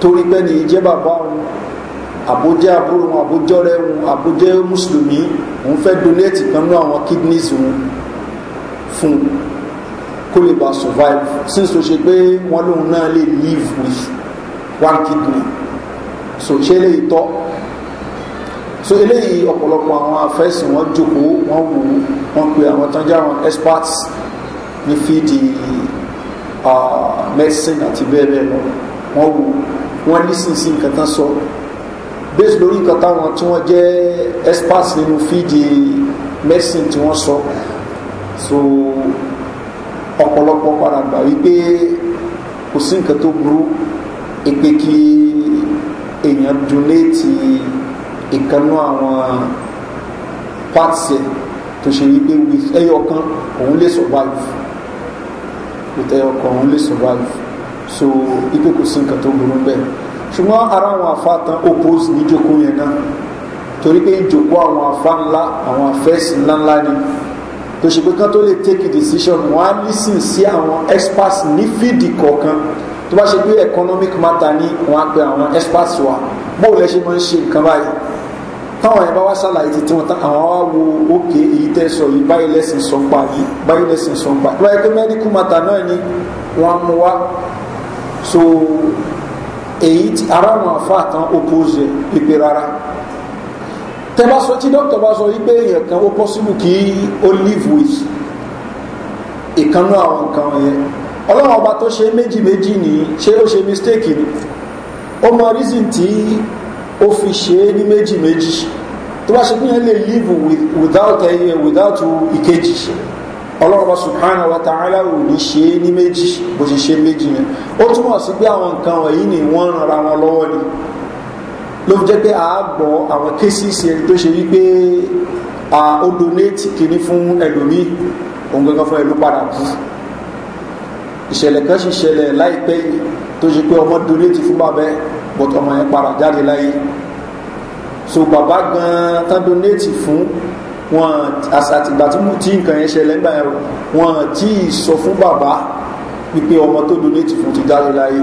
torí pé ní ìjẹ́ bàbá òun àbójẹ́ àbúrò wọn àbójẹ́ ọ̀rẹ́ wọn àbójẹ́ mùsùlùmí òun fẹ́ donate kan ní àwọn kidneys wọn fún kó lè bá survive since o ṣe pé wọ́n lóun náà lè live with one kidney so ṣe lè tọ́ so eléyìí ọ̀pọ̀lọpọ̀ àwọn afẹ́sìn wọn jókòó wọn wò wọn pe àwọn tán jẹ́ experts ní fídíì medicine àti bẹ́ẹ̀ bẹ́ẹ̀ lọ wọ́n wò wọ́n lísìn sí nǹkan tán sọ based lórí nǹkan táwọn tí wọ́n jẹ́ experts nínú fídì medicine tí wọ́n sọ so ọ̀pọ̀lọpọ̀ padà gbà wípé kò sí nǹkan tó burú ìpè kí èèyàn donate ìkànnú àwọn parts ẹ̀ tó ṣe wípé ẹyọ kan òun lè survive ìtẹ́ ọkọ̀ òun lè survive so ipe kò sí nǹkan tó burú bẹ́ẹ̀ ṣùgbọ́n ara àwọn àfa tán oppose níjókòó yẹn náà torí pé ìjòkó àwọn àfa ńlá àwọn àfẹ́sì ńláńlá ni tó ṣe pé kán tó lè take a decision wọ́n á lísìn sí àwọn experts ní fídì kọ̀ọ̀kan tó bá ṣe pé economic matter ni wọ́n á pe àwọn experts wa bóòlù ẹ ṣe máa ń ṣe nǹkan báyìí táwọn yẹn bá wá ṣàlàyé títí wọn tán àwọn wá wo òkè èyí tẹ́ sọ yìí báyìí lẹ́sìn sọ yìí báyìí lẹ́sìn sọ ń báyìí pé mẹ́díkù mata náà ni wọ́n mú wá so èyí tí ara wọn àfa àtàn opposé pípé rárá tẹ bá sọ tí dókítà bá sọ wípé èèyàn kan ó possible kí ó live with ìkànnú àwọn nǹkan yẹn ọlọ́run ọba tó ṣe méjì méjì nìyí ṣé ó ṣe mistake ni ó mọ reason tí ó fi ṣe é ní méjì méjì tó bá ṣe pé yẹn lè live without ẹyẹ without ìkejì ọlọ́rọ̀bá subhanahu wa ta'ala ò ní ṣe é ní méjì bó ṣe ṣe méjì yẹn ó túmọ̀ sí pé àwọn nǹkan wọ̀nyí ni wọ́n ran ara wọn lọ́wọ́ ni ló fi jẹ́ pé àágbọ̀ àwọn kéṣìṣì ẹni tó ṣe wípé ó donate kìíní fún ẹlòmíì òun gangan fún ẹlú padà kú ìṣẹ̀lẹ̀ kan ṣì ṣẹlẹ̀ láìpẹ́ yìí tó ṣe pé ọmọ donate fún bàbá ẹ̀ bọ́tọ̀ ọmọ yẹn para jáde láyé so bàbá gan tán donate fún wọn àsàtìgbà tí mo tí nǹkan yẹn ṣẹlẹ̀ nígbà yẹn wọn tí ì sọ fún bàbá wípé ọmọ tó donate fún ti jáde láyé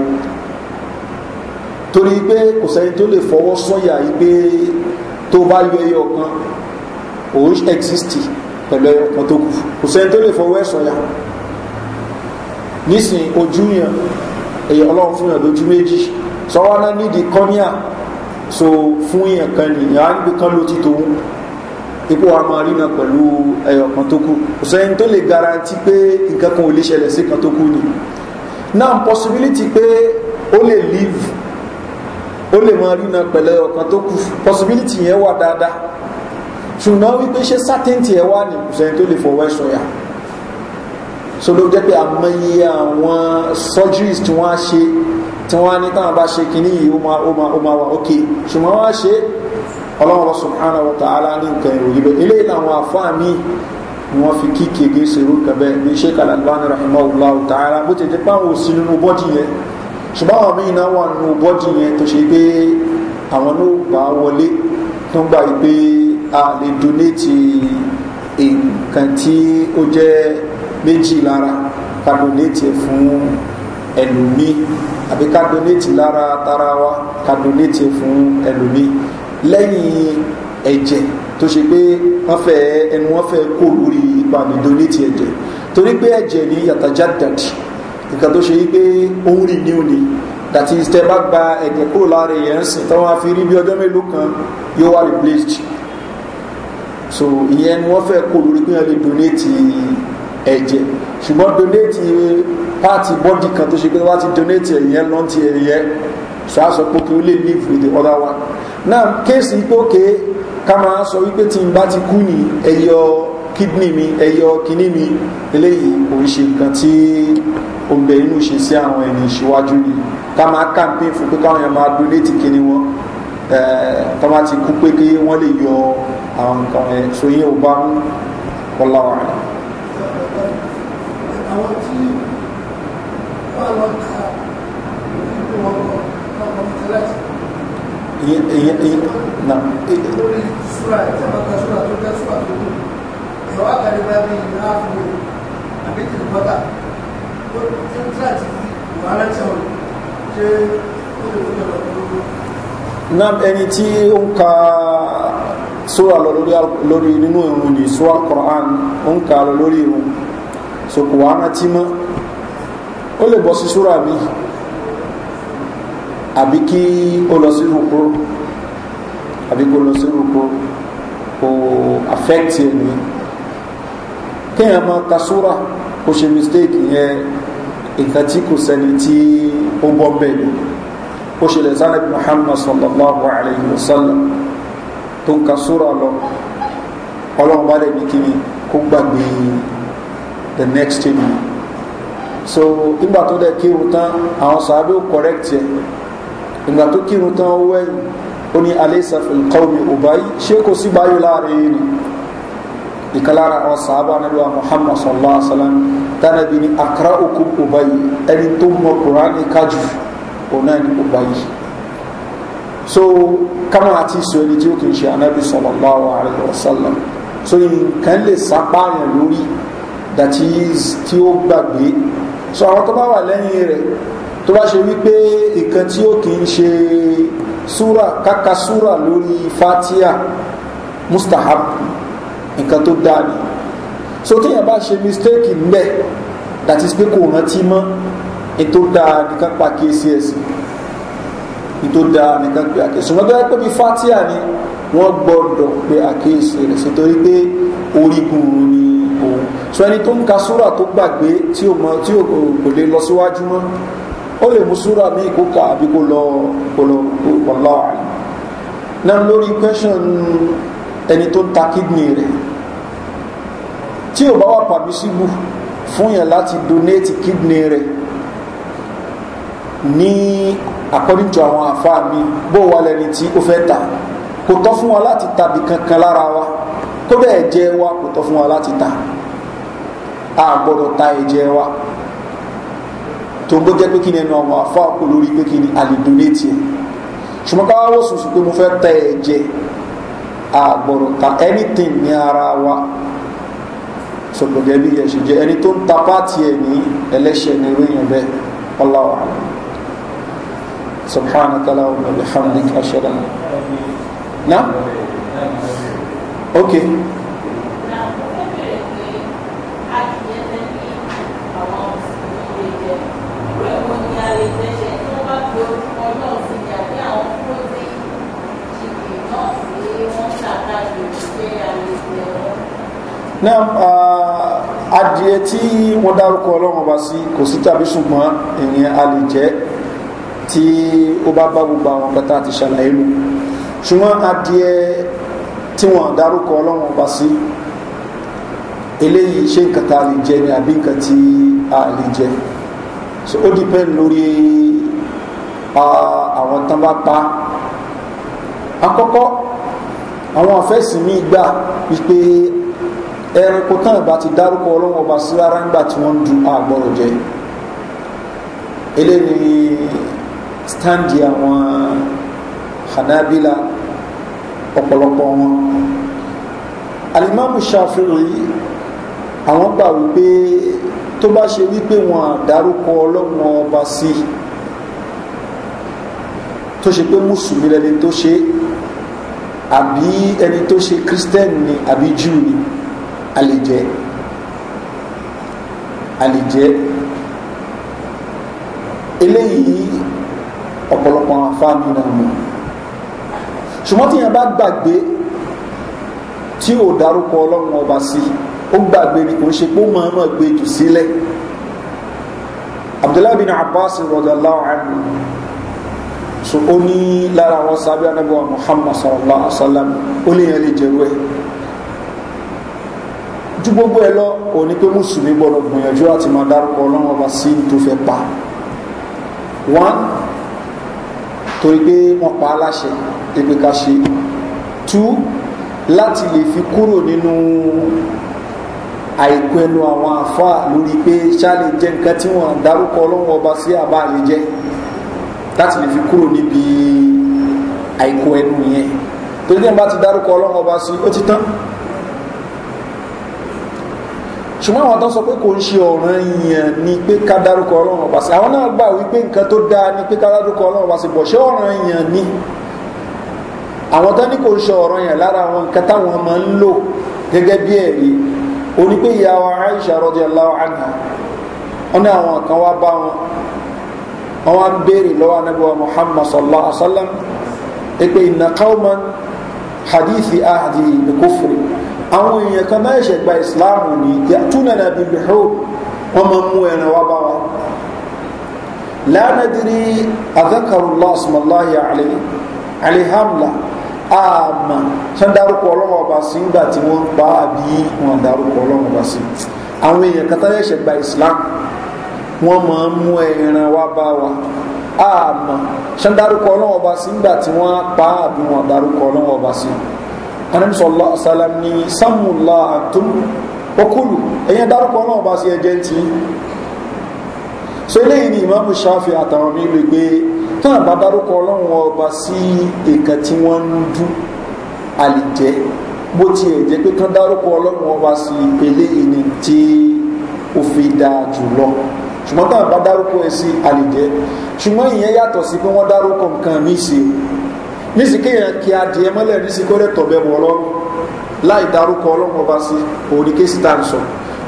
torí pé kò sẹ́ni tó lè fọwọ́ sọ́yà yìí pé tó bá yọ ẹyọ kan òun exist pẹ̀lú ẹyọ kan tó kù kò sẹ́ni tó lè fọwọ́ ẹ̀ sọ́yà nísìnyí ojú yẹn èyí ọlọ́run fún yàn lójú méjì sọ́wọ́n náà di kọ́níà so fún èèyàn kan nìyàn á gbé kán ló ti tó ipò àmọ́ àrínà pẹ̀lú ẹ̀yọ̀ kan tó kù kò tó lè garanti pé nǹkan kan ò lè ṣẹlẹ̀ sí kan tó kù ni now possibility pé ó lè live ó lè mọ àrínà pẹ̀lú ẹ̀yọ̀ kan tó kù possibility yẹn wà dáadáa ṣùgbọ́n wípé ṣé certainty ẹ̀ wà ní kò sẹ́yìn tó lè fọwọ́ ẹ̀ sọ̀yà so ló jẹ́ pé àmọ́ àwọn surgeries tí wọ́n á ṣe tí wọ́n á ní táwọn bá ṣe kínní yìí ó máa ó máa wà ókè ṣùgbọ́n wọ́n á ṣe ọlọ́run subhanahu wa ta'ala ní nǹkan ìròyìn bẹ́ẹ̀ ilé làwọn àfáà mi ni wọ́n fi kí kéde ṣerú kẹbẹ́ ní sheikh alalbani rahimahullah ta'ala bó ti di páwọn òsì nínú bọ́dì yẹn ṣùgbọ́n àwọn míì náà wà nínú bọ́dì yẹn tó ṣe pé àwọn ló gbà wọlé tó ń gbà pé a lè donate nǹkan tí ó jẹ́ méjì lára ká donate fún ẹlòmíì àbí ká donate lára tara wa ká donate fún ẹlòmíì lẹ́yìn ẹ̀jẹ̀ tó ṣe pé wọ́n fẹ́ ẹnu wọ́n fẹ́ kó lórí ìpàmì donate ẹ̀jẹ̀ torí pé ẹ̀jẹ̀ ní yàtàjá dàdí nǹkan tó ṣe yí pé ó ń rí ní òní dàtí tẹ bá gba ẹ̀jẹ̀ kúrò lára èèyàn ń sìn táwọn afi rí bí ọjọ́ mélòó kan yóò wá replaced so ìyẹn ni wọ́n fẹ́ kó lórí pé wọ́n lè donate ẹ̀jẹ̀ ṣùgbọ́n donate pààtì bọ́dì kan tó ṣe pé wá ti donate ẹ̀yẹ lọ́n ti ẹ̀yẹ pé kí ó lè live with the other one náà kéèsì ìpòkè ká máa sọ wípé tí n bá ti kú ní ẹ̀yọ kidney mi ẹ̀yọ kìíní mi eléyìí kò ń ṣe nǹkan tí ó ń bẹ inú ṣe sí àwọn ẹni ìṣíwájú ni ká máa campaign fún pé káwọn yẹn máa donate kìíní wọn tó bá ti kú pé kí wọ́n lè yọ àwọn nǹkan ẹ̀ sóyè ò bá mú ọlọ́wọ́ àwọn tí wà lọ ta ìlú ọkọ̀ ọkọ̀ tẹ́lẹ̀tì. ìyẹn ìyẹn na. lórí sura tí a máa ka sura tó jẹ́ sura tó kù ẹ̀rọ àkàrí bá bí ìlú àfúrò àbí tìlú bọ́tà tó ń tí àti wàhálà tí àwọn ṣe ó lè fún ìjọba ẹni tí ó ń ka sura lọ lórí nínú ìrùn ní sura Quran ó ń ka lọ lórí ìrùn so kò wá rántí mọ́ ó lè bọ́ sí súra mi àbí kí ó lọ sí rúkúrú àbí kó lọ sí rúkúrú kò affect ẹni kéèyàn máa ka súra kó ṣe mistake yẹn nǹkan tí kò sẹ́ni tí ó bọ́ bẹ́ẹ̀ ni ó ṣẹlẹ̀ sanabi muhammad sallallahu alayhi wa sallam tó ń ka súra lọ ọlọ́run bá lè ní kíni kó gbàgbé the next evening so nígbà tó dẹ̀ kírun tán àwọn sàábé ò correct yẹ ìgbà tó kírun tán ó wẹ̀yìn ó ní aléṣàfihàn kọ́ọ̀mì òbáyí ṣé kò sí báyọ̀ láàrin yìí ni ìkàlára àwọn sàábà nílùú muhammad sallallahu alaihi wa sallam tánàbí ni akara okun òbáyí ẹni tó mọ kùránì kájù òun náà ni òbáyí so kama àti sọ ẹni tí ó kì í ṣe anábì sallallahu alaihi wa sallam so nǹkan lè sapá yẹn lórí that is tí ó gbàgbé so àwọn tó bá wà lẹ́yìn rẹ̀ tó bá ṣe wípé ìkan tí ó kì í ṣe súra káka súra lórí fatia mustahab nǹkan tó dáa ni so téèyàn bá ṣe mistake mbẹ that is pé kò rántí mọ́ ètò dáa nìkan pa kcs ètò dáa nìkan pe àkíyèsí ṣùgbọ́n tó yẹ pé bí fatia ni wọ́n gbọ́dọ̀ pe àkíyèsí rẹ̀ sí torí pé orígun ni so ẹni tó ń ka súrà tó gbàgbé tí ò mọ tí kò lè lọ síwájú mọ́ ó lè mú súrà ní ìkókà àbí kò lọ kò lọ kò lọ àlè náà lórí question ẹni tó ń ta kidney rẹ̀ tí ò bá wà pàmísíbù fún yàn láti donate kidney rẹ̀ ní according to àwọn àfáà mi bó wà lẹni tí ó fẹ́ ta kò tọ́ fún wa láti tàbí kankan lára wa kó bẹ́ẹ̀ jẹ́ wa kò tọ́ fún wa láti ta a gbọ́dọ̀ ta ẹ̀jẹ̀ wa tó ń gbọ́jẹ́ pé kí ni ẹnu àwọn àfa kò lórí pé kí ni àlìdónétì ẹ̀ ṣùgbọ́n ká wọ́n sùn pé mo fẹ́ ta ẹ̀jẹ̀ a gbọ́dọ̀ ta anything ní ara wa sọ̀gbọ̀gẹ́ bí ẹ̀ ṣe jẹ́ ẹni tó ń ta pàtì ẹ̀ ní ẹlẹ́ṣẹ̀ ní ìròyìn bẹ́ẹ̀ ọláwà subhanakala wa bihamdika ashhadu an la ok orúkọ náà sí ni àbí àwọn protein chicken náà sí wọ́n ṣàkáàkiri pé àlejò ẹ̀rọ. náà adìẹ tí wọ́n dárúkọ ọlọ́run ọba sí kò sí tàbí ṣùgbọ́n ìyẹn a lè jẹ́ tí ó bá bá gbogbo àwọn kẹta àti ṣàlàyé lò ṣùgbọ́n adìẹ tí wọ́n dárúkọ ọlọ́run ọba sí eléyìí ṣé nǹkan tá a lè jẹ ni àbí nǹkan tí a lè jẹ so ó dìpẹ́ lórí àwọn tán bá pa àkọ́kọ́ àwọn àfẹ́sìmí gbà wípé ẹranko tán ìbá ti dárúkọ ọlọ́wọ́ ọba sí rárá nígbà tí wọ́n ń du àgbọ̀rọ̀ jẹ eléyìí stand àwọn hanabila ọ̀pọ̀lọpọ̀ wọn alimamu ṣàfihàn àwọn gbà wípé tó bá ṣe wípé wọn àdárúkọ ọlọ́wọ́ ọba sí i tó ṣe pé mùsùlùmí lẹni tó ṣe àbí ẹni tó ṣe kírísítẹ́nì ni àbí júù ni a lè a lè jẹ́ eléyìí ọ̀pọ̀lọpọ̀ àfáàmì náà mọ̀ ṣùgbọ́n tí yẹn bá gbàgbé tí ò dárúkọ ọlọ́run ọba sí ó gbàgbé ni kò ń ṣe pé ó máa máa gbé jù sílẹ̀ abdullahi bin abbas rọ̀dọ̀ láwọn àmì so ó lara lára àwọn sábẹ́ anábíwá muhammad sallallahu alaihi wa sallam ó lè yẹn lè jẹ̀rú ẹ̀ ju gbogbo ẹ lọ ò ní pé mùsùlùmí gbọdọ̀ gbìyànjú àti máa dárúkọ ọlọ́run ọba sí tó fẹ́ pa one torí pé wọ́n pa á láṣẹ pé ká ṣe two láti lè fi kúrò nínú àìkú ẹnu àwọn àfa lórí pé ṣáà lè jẹ nǹkan tí wọ́n dárúkọ ọlọ́run ọba sí àbá lè láti lè fi kúrò níbi àìkó ẹnu yẹn torí dẹ́n bá ti dárúkọ ọlọ́run ọba sí ó ti tán ṣùgbọ́n àwọn tó pé kò ń ṣe ọ̀ràn yẹn ni pé ká dárúkọ ọlọ́run ọba sí àwọn náà gbà wípé nǹkan tó dáa ni pé ká dárúkọ ọlọ́run ọba sí bọ̀ ṣé ọ̀ràn yẹn ni àwọn tó ní kò ń ṣe ọ̀ràn yẹn lára àwọn nǹkan táwọn máa ń lò gẹ́gẹ́ bí ẹ̀rí onípéyàwó Aisha radiyallahu anha wọn ní àwọn kan wá bá wọn àwọn ń béèrè lọ́wọ́ anábíwá muhammad sallallahu alaihi wa sallam ẹgbẹ́ ìnà káwọn hadithi ahadi bikufri àwọn èèyàn kan náà ṣe gba ìsìláàmù ní yàtúnà náà bí bìhó wọn máa mú ẹran wá bá wa lánàdìrí azakarullah sallallahu alaihi alihamla àmà ṣe ń darúkọ ọlọ́wọ́ ọba sí nígbà tí wọ́n pa àbí wọn darúkọ ọlọ́wọ́ ọba sí àwọn èèyàn kan náà ṣe gba ìsìláàmù wọ́n máa ń mú ẹran wá bá wa àmọ́ ṣe ń dárúkọ ọlọ́wọ́ ọba sí nígbà tí wọ́n pa àbí wọn dárúkọ ọlọ́wọ́ ọba sí anam sọlá ọsàlám ní sàmúlá àtún okulu ẹ̀yẹn dárúkọ ọlọ́wọ́ ọba sí ẹjẹ́ ti so eléyìí ni ìmáàmù ṣáfi àtàwọn mi lè gbé tán àbá dárúkọ ọlọ́wọ́ ọba sí èkán tí wọ́n ń dún àlìjẹ́ bó tiẹ̀ jẹ́ pé kán dárúkọ ọlọ́wọ́ ọba sí eléyìí ni tí ó fi dáa jù lọ ṣùgbọ́n táwọn bá dárúkọ ẹ sí àlejẹ ṣùgbọ́n ìyẹn yàtọ̀ sí pé wọ́n dárúkọ nǹkan mí sí i níṣì kéèyàn kí adìẹ mọ́lẹ̀ níṣì kó lẹ̀ tọ̀bẹ̀ wọ̀ lọ́rùn láì dárúkọ ọlọ́run ọba sí òní kéṣì tá à ń sọ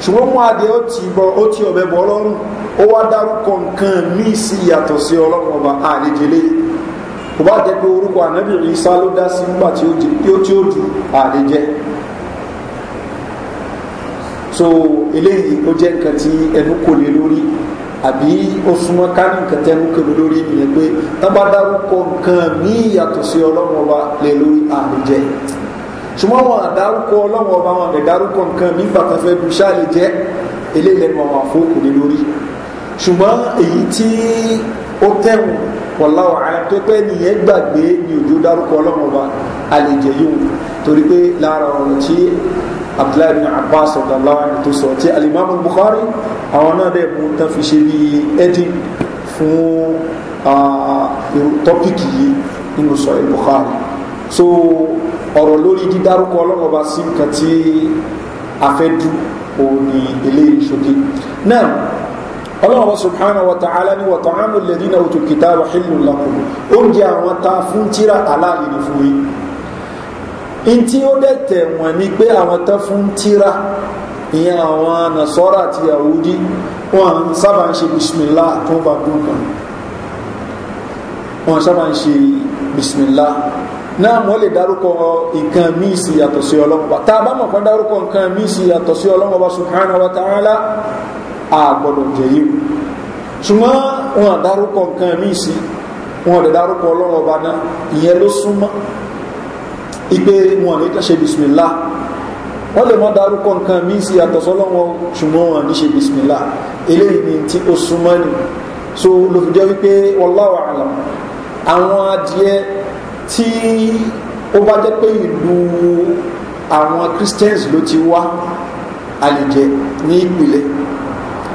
ṣùgbọ́n mú adìẹ ó ti bọ ó ti ọ̀bẹ bọ̀ ọlọ́run ó wá dárúkọ nǹkan mí sí yàtọ̀ sí ọlọ́run ọba àlejẹ lẹ́yìn kò bá jẹ́ pé orúkọ ànábìrin sá ló dá sí nígbà tí ó jù àlejẹ so eléyìí ó jẹ́ nǹkan tí ẹnu kò lé lórí àbí ó súnmọ́ kánú nǹkan tí ẹnu kò lé lórí ìyẹn pé tábà dárúkọ nǹkan míì yàtọ̀ sí ọlọ́run ọba lé lórí àmì jẹ ṣùgbọ́n wọn àdárúkọ ọlọ́run ọba wọn àdárúkọ nǹkan míì bàtà fẹ́ du ṣáàlì jẹ́ eléyìí lẹ́nu àwọn àfọwọ́kù lé lórí ṣùgbọ́n èyí tí ó tẹ̀wọ̀n wallahu alam tó pé nìyẹn gbàgbé ní òjò dárúkọ ọlọ́run ọba àlejò yìí torí pé lára ọ̀rọ̀ tí abdullahi bin abbas ọ̀dàláwà ni tó sọ tí alimami bukhari àwọn náà dẹ̀ mú tán fi ṣe bí ẹdín fún tọ́pìkì yìí nínú sọ bukhari so ọ̀rọ̀ lórí dídárúkọ ọlọ́run ọba sí nǹkan tí afẹ́dú òun ni eléyìí ṣoge náà ọlọ́run wa subhanahu wa ta'ala ni wa ta'amu alladhina utul kitaba hilun lakum oúnjẹ àwọn ta fún tíra aláàlì ni fún yín ntí ó dẹ̀ tẹ̀ wọ́n ni pé àwọn tán fún tíra ìyẹn àwọn nasọ́rọ̀ àti yahudi wọn sábà ń ṣe bisimilá tó bá dùn kan wọn sábà ń ṣe bisimilá náà wọ́n lè dárúkọ nǹkan míì sí yàtọ̀ sí ọlọ́mọba tá a bá mọ̀ pé dárúkọ nǹkan míì sí yàtọ̀ sí ọlọ́mọba subhanahu wa ta'ala a gbọ́dọ̀ jẹ yìí ṣùgbọ́n wọn dárúkọ nǹkan míì sí wọn lè dárúkọ ọlọ́run ọba náà ìyẹn ló súnmọ́ ipe wọn ní ṣe bisimilá wọ́n lè mọ́ dárúkọ nǹkan míì sí àtọ̀sọ́lọ́wọ́ ṣùgbọ́n wọn ní ṣe bisimilá so ló fi jẹ́ wípé a'lam àwọn adìẹ tí ó bá jẹ́ pé ìlú àwọn christians ló ti ní ìpìlẹ̀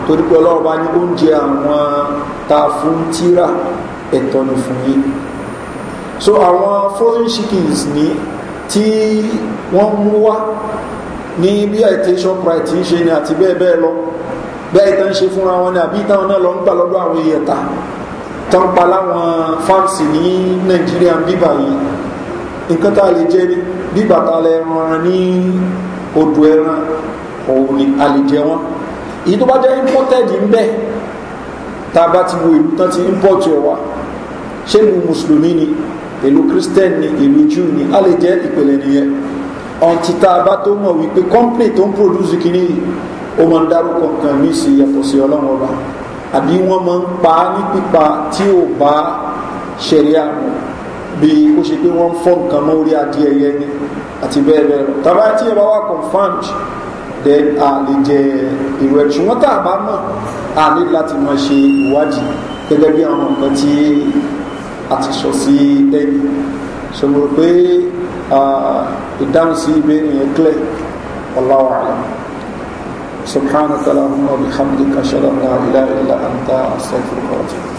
torí pé ọlọ́run bá ní oúnjẹ àwọn ta fún tíra ẹ̀tọ́ ni fún yín so àwọn frozen chickens ní tí wọ́n mú wá ní bí àìtẹ́sọ́ pride ń ṣe ni àti bẹ́ẹ̀ bẹ́ẹ̀ lọ bẹ́ẹ̀ tán ṣe fúnra wọn ni àbí táwọn náà lọ ń gbà lọ́dọ̀ àwọn èèyàn ta tán pa láwọn fáǹsì ní nàìjíríà bíbà yìí nǹkan tá a lè jẹ bíbà tá a lè rán ní odò ẹran òun ni a lè jẹ wọn èyí tó bá jẹ́ imported ń bẹ́ tá a bá ti wo ìlú tán ti import ẹ̀ wá ṣé ìlú mùsùlùmí ni ìlú christian ni ìlú jew ni a lè jẹ́ ìpìlẹ̀ nìyẹn ọ̀ntì tá a bá tó mọ̀ wípé company tó ń produce kìíní yìí ó máa ń dárúkọ nǹkan mí sí yàtọ̀ sí ọlọ́run ọba àbí wọ́n máa ń pa á ní pípa tí ò bá ṣẹ̀ríà mu bí ó ṣe pé wọ́n ń fọ́ nǹkan mọ́ orí adìẹ yẹn ni àti bẹ́ẹ̀ bẹ́ẹ̀ lọ tàbá tí ẹ bá wà confirmed then a lè jẹ irú ẹ̀ ṣùgbọ́n tá a bá mọ̀ a ní láti máa ṣe ìwádìí gẹ́gẹ́ bí àwọn nǹkan tí a ti sọ sí ẹ̀yìn ṣòro pé ìdáhùn sí ìbéèrè yẹn clear wallahu a'lam. سبحانك اللهم وبحمدك اشهد ان لا اله الا انت استغفرك واتوب